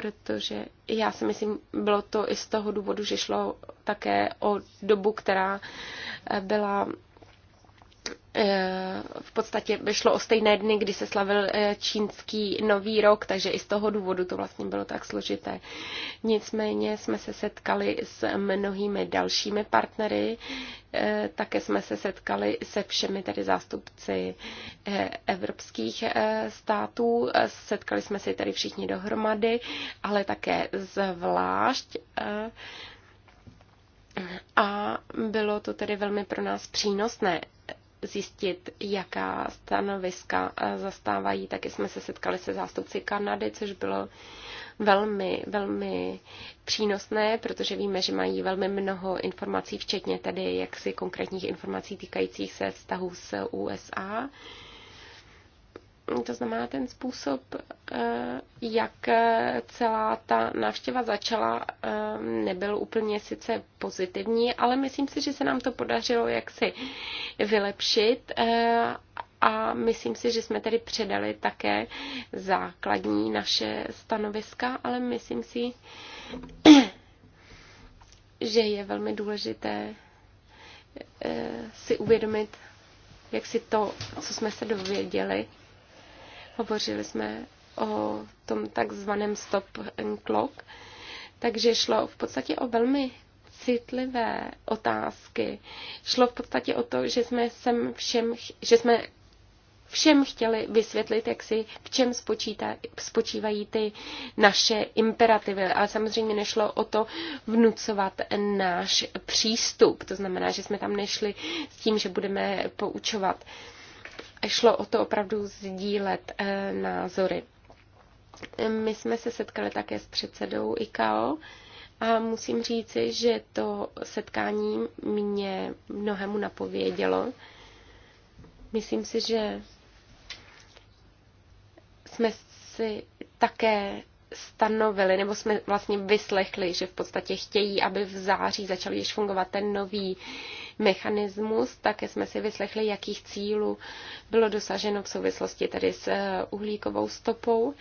protože já si myslím, bylo to i z toho důvodu, že šlo také o dobu, která byla Eh, v podstatě šlo o stejné dny, kdy se slavil eh, čínský nový rok, takže i z toho důvodu to vlastně bylo tak složité. Nicméně jsme se setkali s mnohými dalšími partnery, eh, také jsme se setkali se všemi tedy zástupci evropských států. Setkali jsme se tady všichni dohromady, ale také zvlášť a bylo to tedy velmi pro nás přínosné zjistit, jaká stanoviska eh, zastávají. Taky jsme se setkali se zástupci Kanady, což bylo velmi, velmi přínosné, protože víme, že mají velmi mnoho informací, včetně tedy jaksi konkrétních informací týkajících se vztahů s USA. To znamená ten způsob, eh, jak eh, celá ta návštěva začala, eh, nebyl úplně sice pozitivní, ale myslím si, že se nám to podařilo jaksi vylepšit a myslím si, že jsme tedy předali také základní naše stanoviska, ale myslím si, že je velmi důležité si uvědomit, jak si to, co jsme se dověděli, Hovořili jsme o tom takzvaném stop and clock. Takže šlo v podstatě o velmi citlivé otázky. Šlo v podstatě o to, že jsme, sem všem, že jsme všem chtěli vysvětlit, jak si, v čem spočíta, spočívají ty naše imperativy. Ale samozřejmě nešlo o to vnucovat náš přístup. To znamená, že jsme tam nešli s tím, že budeme poučovat a šlo o to opravdu sdílet eh, názory. My jsme se setkali také s předsedou IKO a musím říci, že to setkání mě mnohemu napovědělo. Myslím si, že jsme si také stanovili, nebo jsme vlastně vyslechli, že v podstatě chtějí, aby v září začal již fungovat ten nový mechanismus. Také jsme si vyslechli, jakých cílů bylo dosaženo v souvislosti tedy s eh, uhlíkovou stopou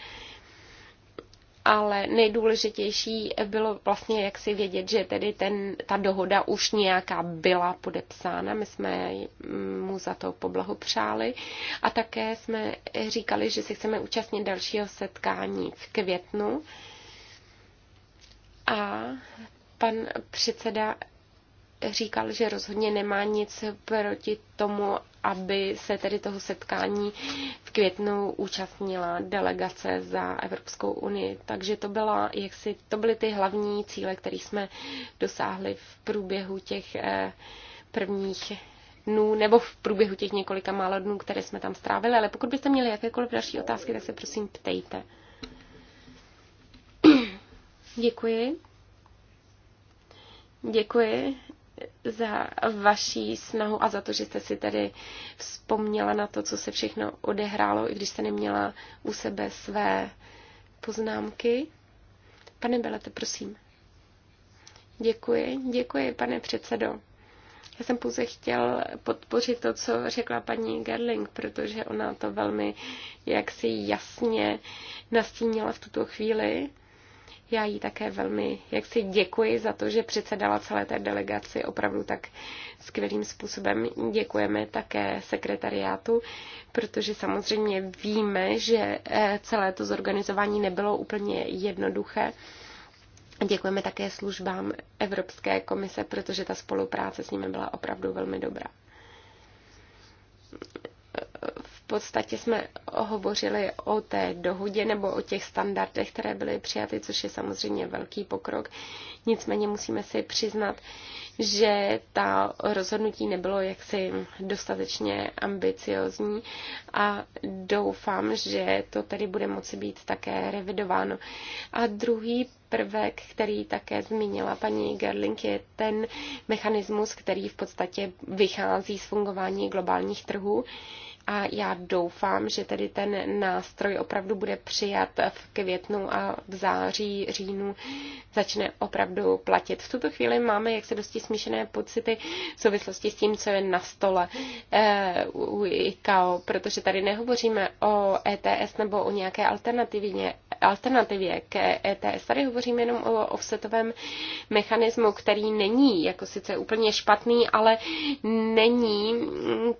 ale nejdůležitější bylo vlastně jak si vědět, že tedy ten, ta dohoda už nějaká byla podepsána. My jsme mu za to poblahopřáli a také jsme říkali, že si chceme účastnit dalšího setkání v květnu. A pan předseda říkal, že rozhodně nemá nic proti tomu, aby se tedy toho setkání v květnu účastnila delegace za Evropskou unii. Takže to, byla, jak si, to byly ty hlavní cíle, které jsme dosáhli v průběhu těch eh, prvních dnů nebo v průběhu těch několika málo dnů, které jsme tam strávili. Ale pokud byste měli jakékoliv další otázky, tak se prosím ptejte. Děkuji. Děkuji za vaší snahu a za to, že jste si tady vzpomněla na to, co se všechno odehrálo, i když jste neměla u sebe své poznámky. Pane Belete, prosím. Děkuji, děkuji, pane předsedo. Já jsem pouze chtěl podpořit to, co řekla paní Gerling, protože ona to velmi jaksi jasně nastínila v tuto chvíli. Já jí také velmi, jak si děkuji za to, že předsedala celé té delegaci opravdu tak skvělým způsobem. Děkujeme také sekretariátu, protože samozřejmě víme, že eh, celé to zorganizování nebylo úplně jednoduché. Děkujeme také službám Evropské komise, protože ta spolupráce s nimi byla opravdu velmi dobrá podstatě jsme hovořili o té dohodě nebo o těch standardech, které byly přijaty, což je samozřejmě velký pokrok. Nicméně musíme si přiznat, že ta rozhodnutí nebylo jaksi dostatečně ambiciozní a doufám, že to tady bude moci být také revidováno. A druhý prvek, který také zmínila paní Gerling, je ten mechanismus, který v podstatě vychází z fungování globálních trhů a já doufám, že tedy ten nástroj opravdu bude přijat v květnu a v září, říjnu začne opravdu platit. V tuto chvíli máme jaksi dosti smíšené pocity v souvislosti s tím, co je na stole eh, u ICAO, protože tady nehovoříme o ETS nebo o nějaké alternativě, alternativě k ETS. Tady hovoříme jenom o offsetovém mechanismu, který není jako sice úplně špatný, ale není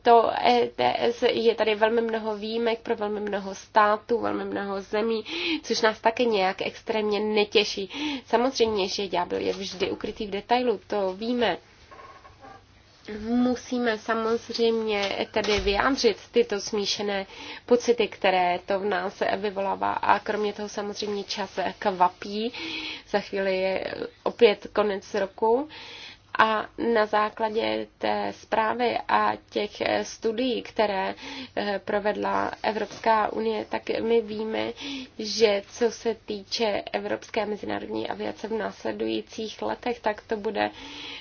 to ETS je tady velmi mnoho výjimek pro velmi mnoho států, velmi mnoho zemí, což nás také nějak extrémně netěší. Samozřejmě, že ďábel je vždy ukrytý v detailu, to víme. Musíme samozřejmě tedy vyjádřit tyto smíšené pocity, které to v nás vyvolává a kromě toho samozřejmě čas kvapí. Za chvíli je opět konec roku. Uh, a na základě té zprávy a těch studií, které eh, provedla Evropská unie, tak my víme, že co se týče evropské mezinárodní aviace v následujících letech, tak to bude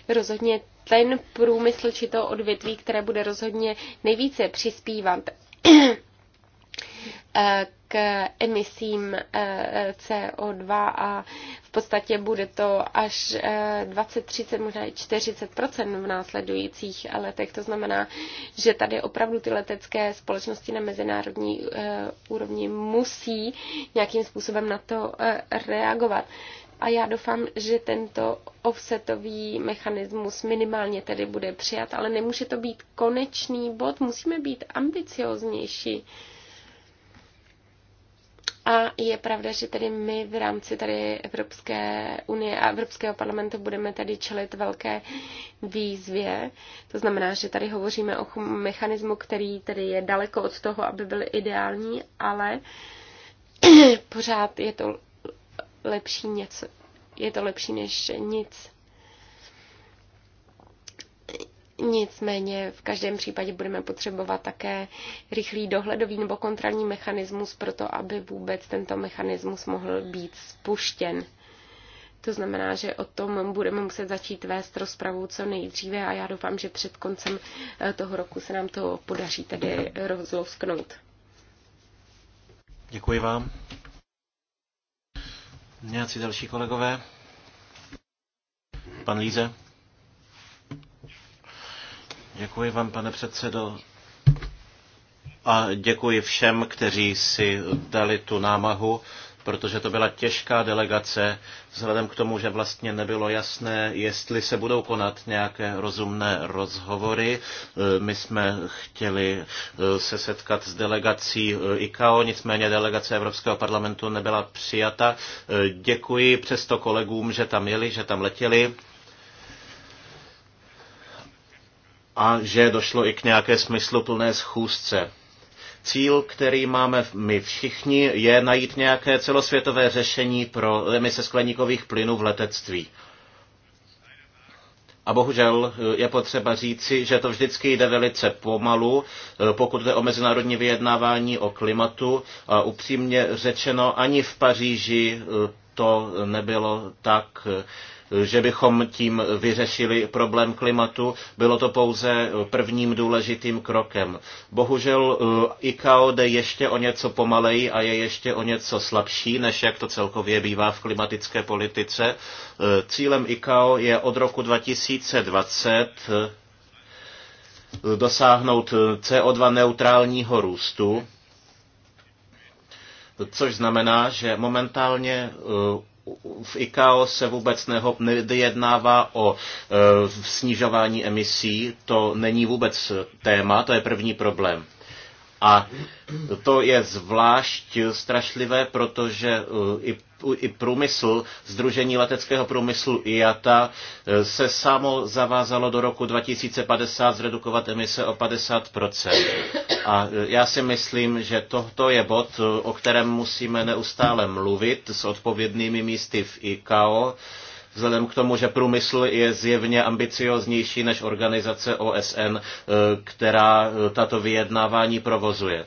rozhodně ten průmysl či to odvětví, které bude rozhodně nejvíce přispívat k emisím eh, CO2 a v podstatě bude to až 20, eh, 30, možná i 40 v následujících letech. To znamená, že tady opravdu ty letecké společnosti na mezinárodní eh, úrovni musí nějakým způsobem na to reagovat a já doufám, že tento offsetový mechanismus minimálně tedy bude přijat, ale nemůže to být konečný bod, musíme být ambicioznější. A je pravda, že tedy my v rámci tady Evropské unie a Evropského parlamentu budeme tady čelit velké výzvě. To znamená, že tady hovoříme o mechanismu, který tedy je daleko od toho, aby byl ideální, ale pořád je to lepší něco. Je to lepší než nic. Nicméně v každém případě budeme potřebovat také rychlý dohledový nebo kontrolní mechanismus pro to, aby vůbec tento mechanismus mohl být spuštěn. To znamená, že o tom budeme muset začít vést rozpravu co nejdříve a já doufám, že před koncem eh, toho roku se nám to podaří tedy rozlousknout. Děkuji vám. Nějací další kolegové? Pan Líze? Děkuji vám, pane předsedo. A děkuji všem, kteří si dali tu námahu, protože to byla těžká delegace, vzhledem k tomu, že vlastně nebylo jasné, jestli se budou konat nějaké rozumné rozhovory. My jsme chtěli eh, se setkat s delegací eh, ICAO, nicméně delegace Evropského parlamentu nebyla přijata. Eh, děkuji přesto kolegům, že tam jeli, že tam letěli. a že došlo i k nějaké smysluplné schůzce. Cíl, který máme my všichni, je najít nějaké celosvětové řešení pro emise skleníkových plynů v letectví. A bohužel eh, je potřeba říci, že to vždycky jde velice pomalu, eh, pokud jde o mezinárodní vyjednávání o klimatu. A upřímně řečeno, ani v Paříži eh, to nebylo tak že bychom tím vyřešili problém klimatu. Bylo to pouze prvním důležitým krokem. Bohužel eh, ICAO jde ještě o něco pomalej a je ještě o něco slabší, než jak to celkově bývá v klimatické politice. Eh, cílem ICAO je od roku 2020 eh, dosáhnout CO2 neutrálního růstu, což znamená, že momentálně v ICAO se vůbec neho, nejednává o e, snižování emisí, to není vůbec téma, to je první problém. A to je zvlášť strašlivé, protože uh, i i průmysl, Združení leteckého průmyslu IATA uh, se samo zavázalo do roku 2050 zredukovat emise o 50%. A uh, já si myslím, že tohoto je bod, o kterém musíme neustále mluvit s odpovědnými místy v ICAO, vzhledem k tomu, že průmysl je zjevně ambicioznější než organizace OSN, eh, která eh, tato vyjednávání provozuje.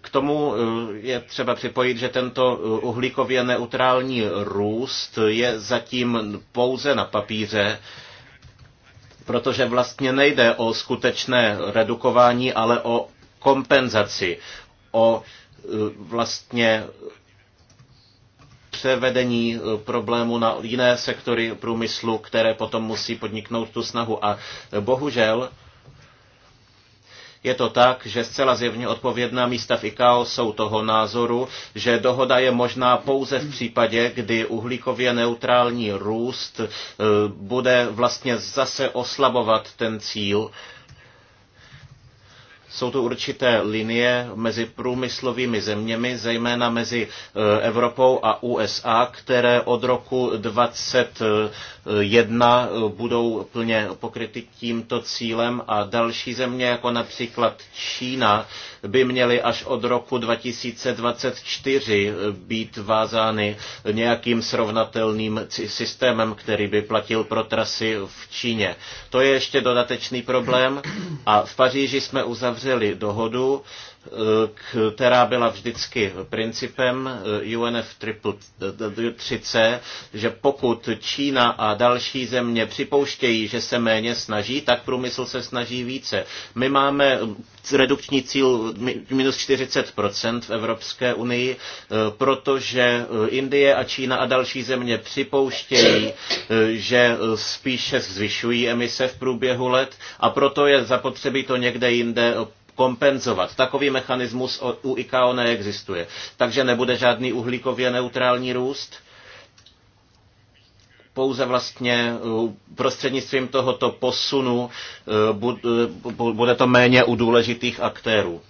K tomu eh, je třeba připojit, že tento uhlíkově neutrální růst je zatím pouze na papíře, protože vlastně nejde o skutečné redukování, ale o kompenzaci, o vlastně převedení eh, problému na jiné sektory průmyslu, které potom musí podniknout tu snahu. A eh, bohužel je to tak, že zcela zjevně odpovědná místa v ICAO jsou toho názoru, že dohoda je možná pouze v případě, kdy uhlíkově neutrální růst eh, bude vlastně zase oslabovat ten cíl, jsou tu určité linie mezi průmyslovými zeměmi, zejména mezi eh, Evropou a USA, které od roku 20 jedna eh, budou plně pokryty tímto cílem a další země, jako například Čína, by měly až od roku 2024 eh, být vázány nějakým srovnatelným systémem, který by platil pro trasy v Číně. To je ještě dodatečný problém a v Paříži jsme uzavřeli dohodu, která byla vždycky principem eh, UNF 3C, eh, že pokud Čína a další země připouštějí, že se méně snaží, tak průmysl se snaží více. My máme eh, redukční cíl minus 40% v Evropské unii, protože Indie a Čína a další země připouštějí, že spíše zvyšují emise v průběhu let a proto je zapotřebí to někde jinde kompenzovat. Takový mechanismus u ICAO neexistuje. Takže nebude žádný uhlíkově neutrální růst pouze vlastně uh, prostřednictvím tohoto posunu uh, uh, bude to méně u důležitých aktérů.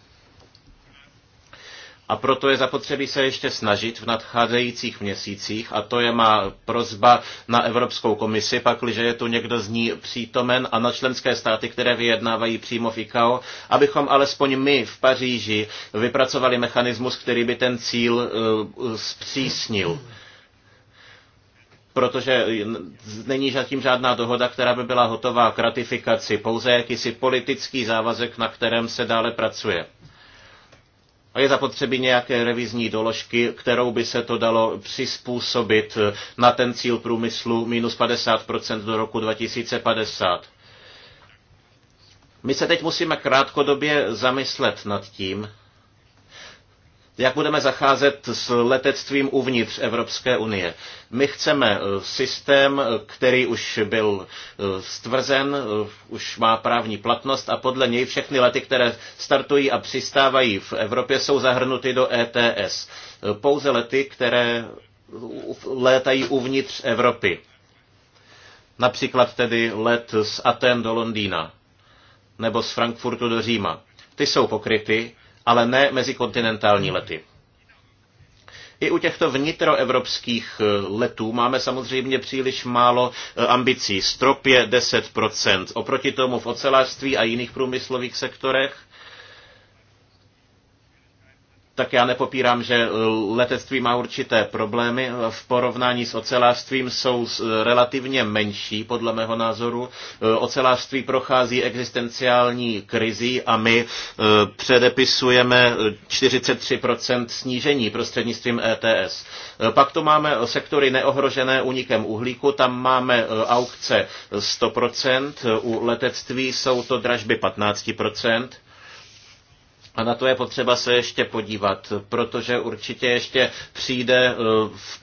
A proto je zapotřebí se ještě snažit v nadcházejících měsících, a to je má prozba na Evropskou komisi, pakliže je tu někdo z ní přítomen, a na členské státy, které vyjednávají přímo v ICAO, abychom alespoň my v Paříži vypracovali mechanismus, který by ten cíl eh, zpřísnil protože není zatím žádná dohoda, která by byla hotová k ratifikaci, pouze jakýsi politický závazek, na kterém se dále pracuje. A je zapotřebí nějaké revizní doložky, kterou by se to dalo přizpůsobit na ten cíl průmyslu minus 50% do roku 2050. My se teď musíme krátkodobě zamyslet nad tím, jak budeme zacházet s letectvím uvnitř Evropské unie. My chceme eh, systém, eh, který už byl eh, stvrzen, už má právní platnost a podle něj všechny lety, které startují a přistávají v Evropě, jsou zahrnuty do ETS. Pouze lety, které létají uvnitř Evropy. Například tedy let z Aten do Londýna nebo z Frankfurtu do Říma. Ty jsou pokryty ale ne mezikontinentální lety. I u těchto vnitroevropských eh, letů máme samozřejmě příliš málo eh, ambicí. Strop je 10%. Oproti tomu v ocelářství a jiných průmyslových sektorech tak já nepopírám, že letectví má určité problémy. V porovnání s ocelářstvím jsou eh, relativně menší, podle mého názoru. Eh, ocelářství prochází existenciální krizi a my eh, předepisujeme 43% snížení prostřednictvím ETS. Pak tu máme sektory neohrožené unikem uhlíku, tam máme aukce 100%, u letectví jsou to dražby 15%. A na to je potřeba se ještě podívat, protože určitě ještě přijde eh, v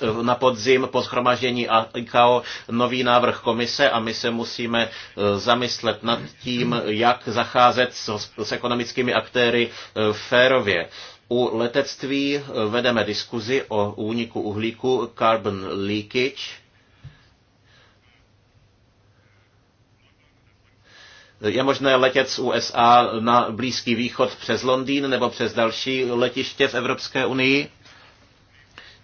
eh, na podzim po schromaždění ICAO nový návrh komise a my se musíme eh, zamyslet nad tím, jak zacházet s, s ekonomickými aktéry férově. U letectví vedeme diskuzi o úniku uhlíku, carbon leakage, Je možné letět z USA na Blízký východ přes Londýn nebo přes další letiště v Evropské unii?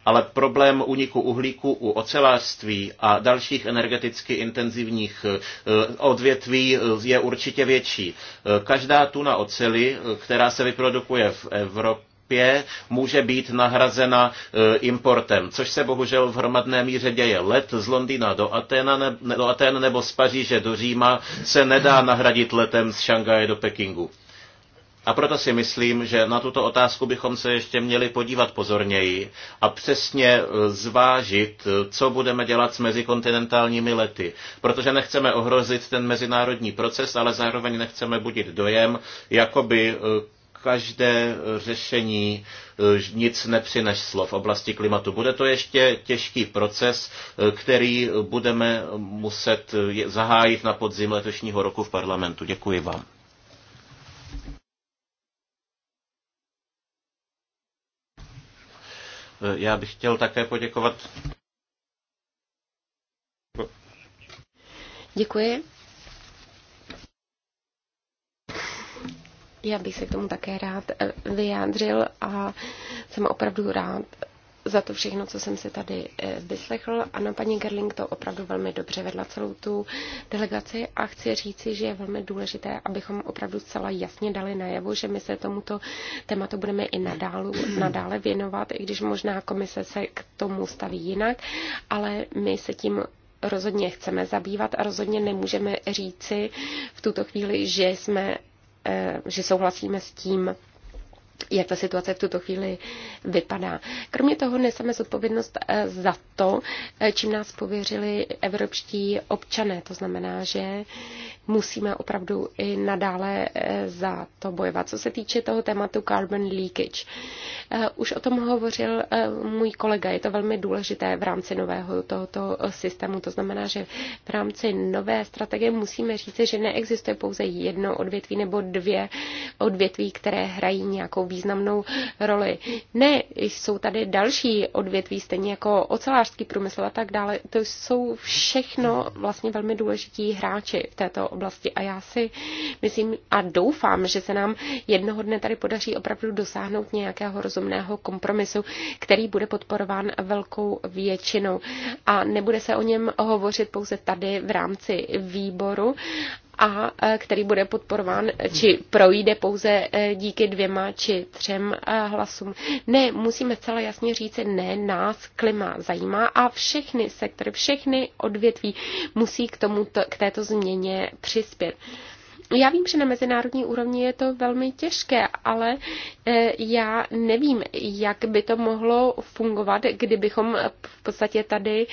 Ale problém uniku uhlíku u ocelářství a dalších energeticky intenzivních eh, odvětví eh, je určitě větší. Eh, každá tuna oceli, která se vyprodukuje v Evropě, Evropě může být nahrazena eh, importem, což se bohužel v hromadné míře děje. Let z Londýna do Aten, do Aten nebo z Paříže do Říma se nedá nahradit letem z Šangaje do Pekingu. A proto si myslím, že na tuto otázku bychom se ještě měli podívat pozorněji a přesně eh, zvážit, eh, co budeme dělat s mezikontinentálními lety. Protože nechceme ohrozit ten mezinárodní proces, ale zároveň nechceme budit dojem, jakoby každé eh, řešení eh, nic nepřineslo v oblasti klimatu. Bude to ještě těžký proces, eh, který budeme muset zahájit na podzim letošního roku v parlamentu. Děkuji vám. Já bych chtěl také poděkovat. Děkuji. Já bych se k tomu také rád eh, vyjádřil a jsem opravdu rád za to všechno, co jsem si tady eh, vyslechl. Ano, paní Gerling to opravdu velmi dobře vedla celou tu delegaci a chci říci, že je velmi důležité, abychom opravdu zcela jasně dali najevo, že my se tomuto tématu budeme i nadálu, nadále věnovat, i když možná komise se k tomu staví jinak, ale my se tím rozhodně chceme zabývat a rozhodně nemůžeme říci v tuto chvíli, že jsme Eh, že souhlasíme s tím, jak ta situace v tuto chvíli vypadá. Kromě toho neseme zodpovědnost eh, za to, eh, čím nás pověřili evropští občané. To znamená, že musíme opravdu i nadále eh, za to bojovat. Co se týče toho tématu carbon leakage, už o tom hovořil můj kolega. Je to velmi důležité v rámci nového tohoto systému. To znamená, že v rámci nové strategie musíme říci, že neexistuje pouze jedno odvětví nebo dvě odvětví, které hrají nějakou nějakou významnou roli. Ne, jsou tady další odvětví, stejně jako ocelářský průmysl a tak dále. To jsou všechno vlastně velmi důležití hráči v této oblasti a já si myslím a doufám, že se nám jednoho dne tady podaří opravdu dosáhnout nějakého rozumného kompromisu, který bude podporován velkou většinou a nebude se o něm hovořit pouze tady v rámci výboru, a e, který bude podporován či projde pouze e, díky dvěma či třem e, hlasům. Ne, musíme celé jasně říct, ne, nás klima zajímá a všechny sektory, všechny odvětví musí k, tomu, k této změně přispět. Já vím, že na mezinárodní úrovni je to velmi těžké, ale eh, já nevím, jak by to mohlo fungovat, kdybychom v podstatě tady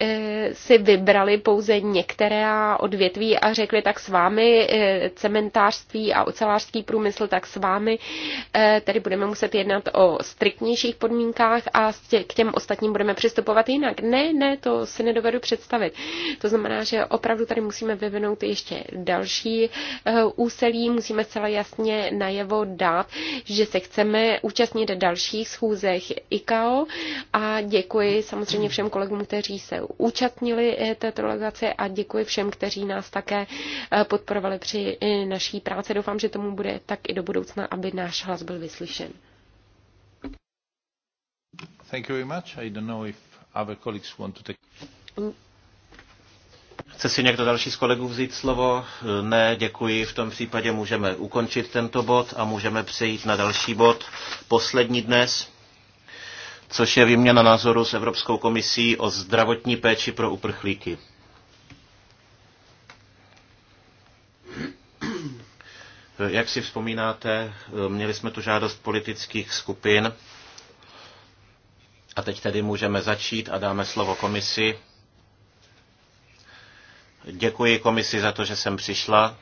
eh, si vybrali pouze některé odvětví a řekli tak s vámi eh, cementářství a ocelářský průmysl, tak s vámi tady budeme muset jednat o striktnějších podmínkách a k těm ostatním budeme přistupovat jinak. Ne, ne, to si nedovedu představit. To znamená, že opravdu tady musíme vyvinout ještě další Eh, úsilí. Musíme celé jasně najevo dát, že se chceme účastnit dalších schůzech ICAO a děkuji samozřejmě všem kolegům, kteří se účastnili eh, této delegace a děkuji všem, kteří nás také eh, podporovali při naší práci. Doufám, že tomu bude tak i do budoucna, aby náš hlas byl vyslyšen. Thank you very much. I don't know if other colleagues want to take... Chce si někdo další z kolegů vzít slovo? Ne, děkuji. V tom případě můžeme ukončit tento bod a můžeme přejít na další bod, poslední dnes, což je výměna názoru s Evropskou komisí o zdravotní péči pro uprchlíky. Jak si vzpomínáte, měli jsme tu žádost politických skupin a teď tedy můžeme začít a dáme slovo komisi Děkuji komisi za to, že jsem přišla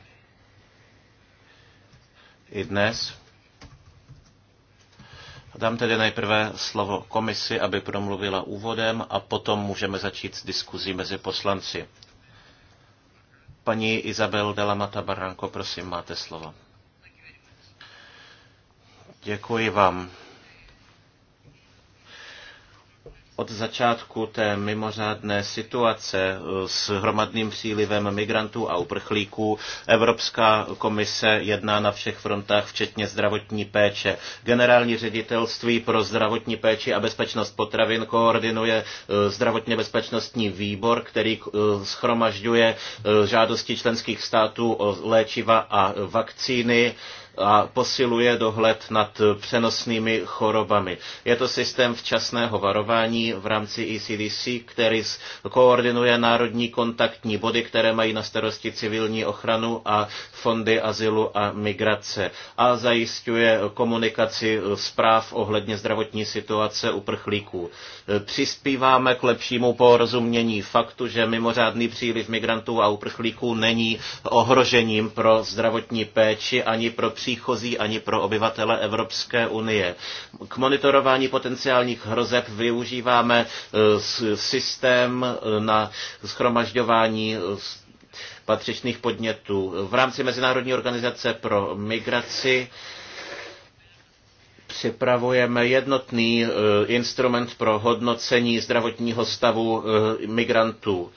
i dnes. Dám tedy nejprve slovo komisi, aby promluvila úvodem a potom můžeme začít s diskuzí mezi poslanci. Paní Izabel Delamata Barranco, prosím, máte slovo. Děkuji vám. od začátku té mimořádné situace eh, s hromadným přílivem migrantů a uprchlíků Evropská komise jedná na všech frontách, včetně zdravotní péče. Generální ředitelství pro zdravotní péči a bezpečnost potravin koordinuje eh, zdravotně bezpečnostní výbor, který eh, schromažďuje žádosti členských států o léčiva a vakcíny a posiluje dohled nad přenosnými chorobami. Je to systém včasného varování v rámci ECDC, který koordinuje národní kontaktní body, které mají na starosti civilní ochranu a fondy azylu a migrace a zajišťuje komunikaci zpráv ohledně zdravotní situace uprchlíků. Přispíváme k lepšímu porozumění faktu, že mimořádný příliv migrantů a uprchlíků není ohrožením pro zdravotní péči ani pro příliv příchozí ani pro obyvatele Evropské unie. K monitorování potenciálních hrozeb využíváme e, systém e, na schromažďování e, patřičných podnětů. V rámci Mezinárodní organizace pro migraci připravujeme jednotný instrument pro hodnocení zdravotního stavu migrantů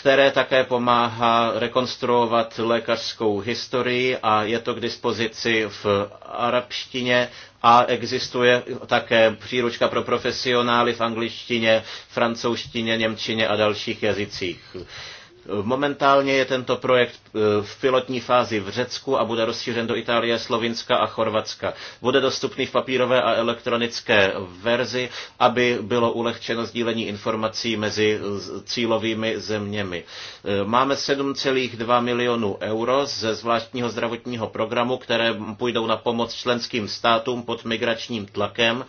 které také pomáhá rekonstruovat lékařskou historii a je to k dispozici v arabštině a existuje také příručka pro profesionály v angličtině, francouzštině, němčině a dalších jazycích. Momentálně je tento projekt eh, v pilotní fázi v Řecku a bude rozšířen do Itálie, Slovinska a Chorvatska. Bude dostupný v papírové a elektronické verzi, aby bylo ulehčeno sdílení informací mezi eh, cílovými zeměmi. Eh, máme 7,2 milionů euro ze zvláštního zdravotního programu, které půjdou na pomoc členským státům pod migračním tlakem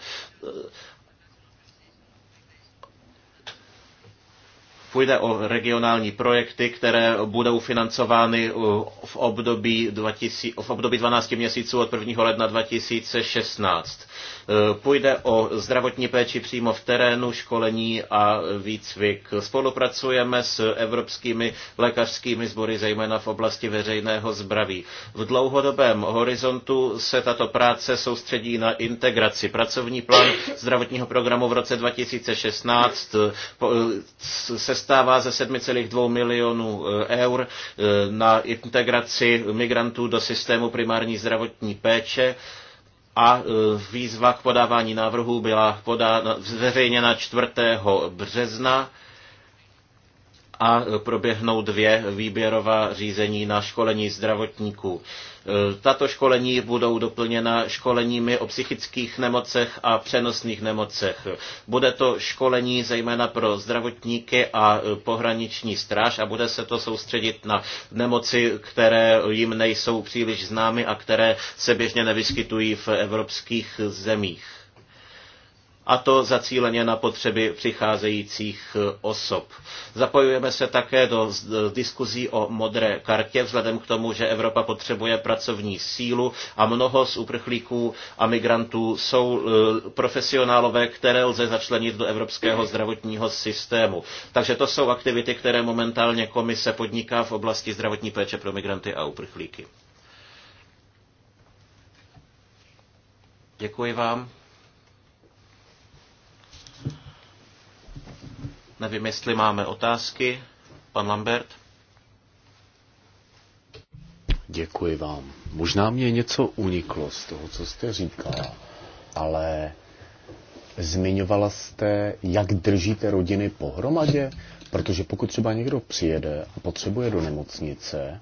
Půjde o regionální projekty, které budou financovány uh, v období, 2000, v období 12 měsíců od 1. ledna 2016. Uh, půjde o zdravotní péči přímo v terénu, školení a výcvik. Spolupracujeme s evropskými lékařskými sbory, zejména v oblasti veřejného zdraví. V dlouhodobém horizontu se tato práce soustředí na integraci. Pracovní plán zdravotního programu v roce 2016 uh, se dostává ze 7,2 milionů eh, eur eh, na integraci migrantů do systému primární zdravotní péče a eh, výzva k podávání návrhů byla podána, zveřejněna 4. března a proběhnou dvě výběrová řízení na školení zdravotníků. Tato školení budou doplněna školeními o psychických nemocech a přenosných nemocech. Bude to školení zejména pro zdravotníky a pohraniční stráž a bude se to soustředit na nemoci, které jim nejsou příliš známy a které se běžně nevyskytují v evropských zemích a to zacíleně na potřeby přicházejících eh, osob. Zapojujeme se také do eh, diskuzí o modré kartě, vzhledem k tomu, že Evropa potřebuje pracovní sílu a mnoho z uprchlíků a migrantů jsou eh, profesionálové, které lze začlenit do evropského zdravotního systému. Takže to jsou aktivity, které momentálně komise podniká v oblasti zdravotní péče pro migranty a uprchlíky. Děkuji vám. Nevím, jestli máme otázky. Pan Lambert? Děkuji vám. Možná mě něco uniklo z toho, co jste říkala, ale zmiňovala jste, jak držíte rodiny pohromadě, protože pokud třeba někdo přijede a potřebuje do nemocnice,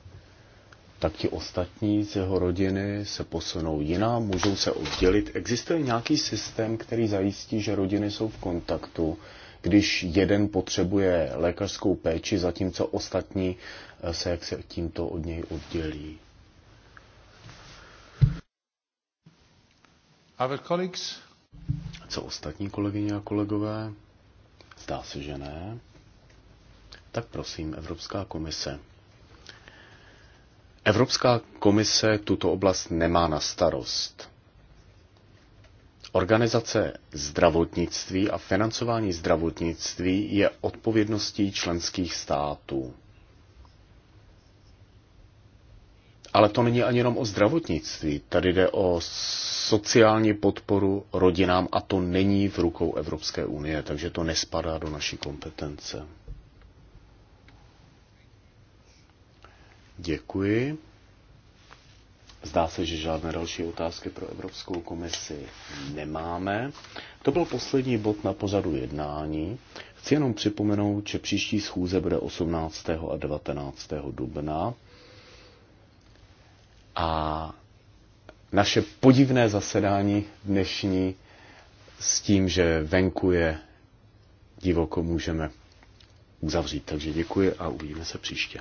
tak ti ostatní z jeho rodiny se posunou jiná, můžou se oddělit. Existuje nějaký systém, který zajistí, že rodiny jsou v kontaktu, když jeden potřebuje lékařskou péči, zatímco ostatní eh, se jak se tímto od něj oddělí. Our colleagues? Co ostatní kolegyně a kolegové? Zdá se, že ne. Tak prosím, Evropská komise. Evropská komise tuto oblast nemá na starost. Organizace zdravotnictví a financování zdravotnictví je odpovědností členských států. Ale to není ani jenom o zdravotnictví. Tady jde o sociální podporu rodinám a to není v rukou Evropské unie, takže to nespadá do naší kompetence. Děkuji. Zdá se, že žádné další otázky pro Evropskou komisi nemáme. To byl poslední bod na pořadu jednání. Chci jenom připomenout, že příští schůze bude 18. a 19. dubna. A naše podivné zasedání dnešní s tím, že venku je divoko, můžeme uzavřít. Takže děkuji a uvidíme se příště.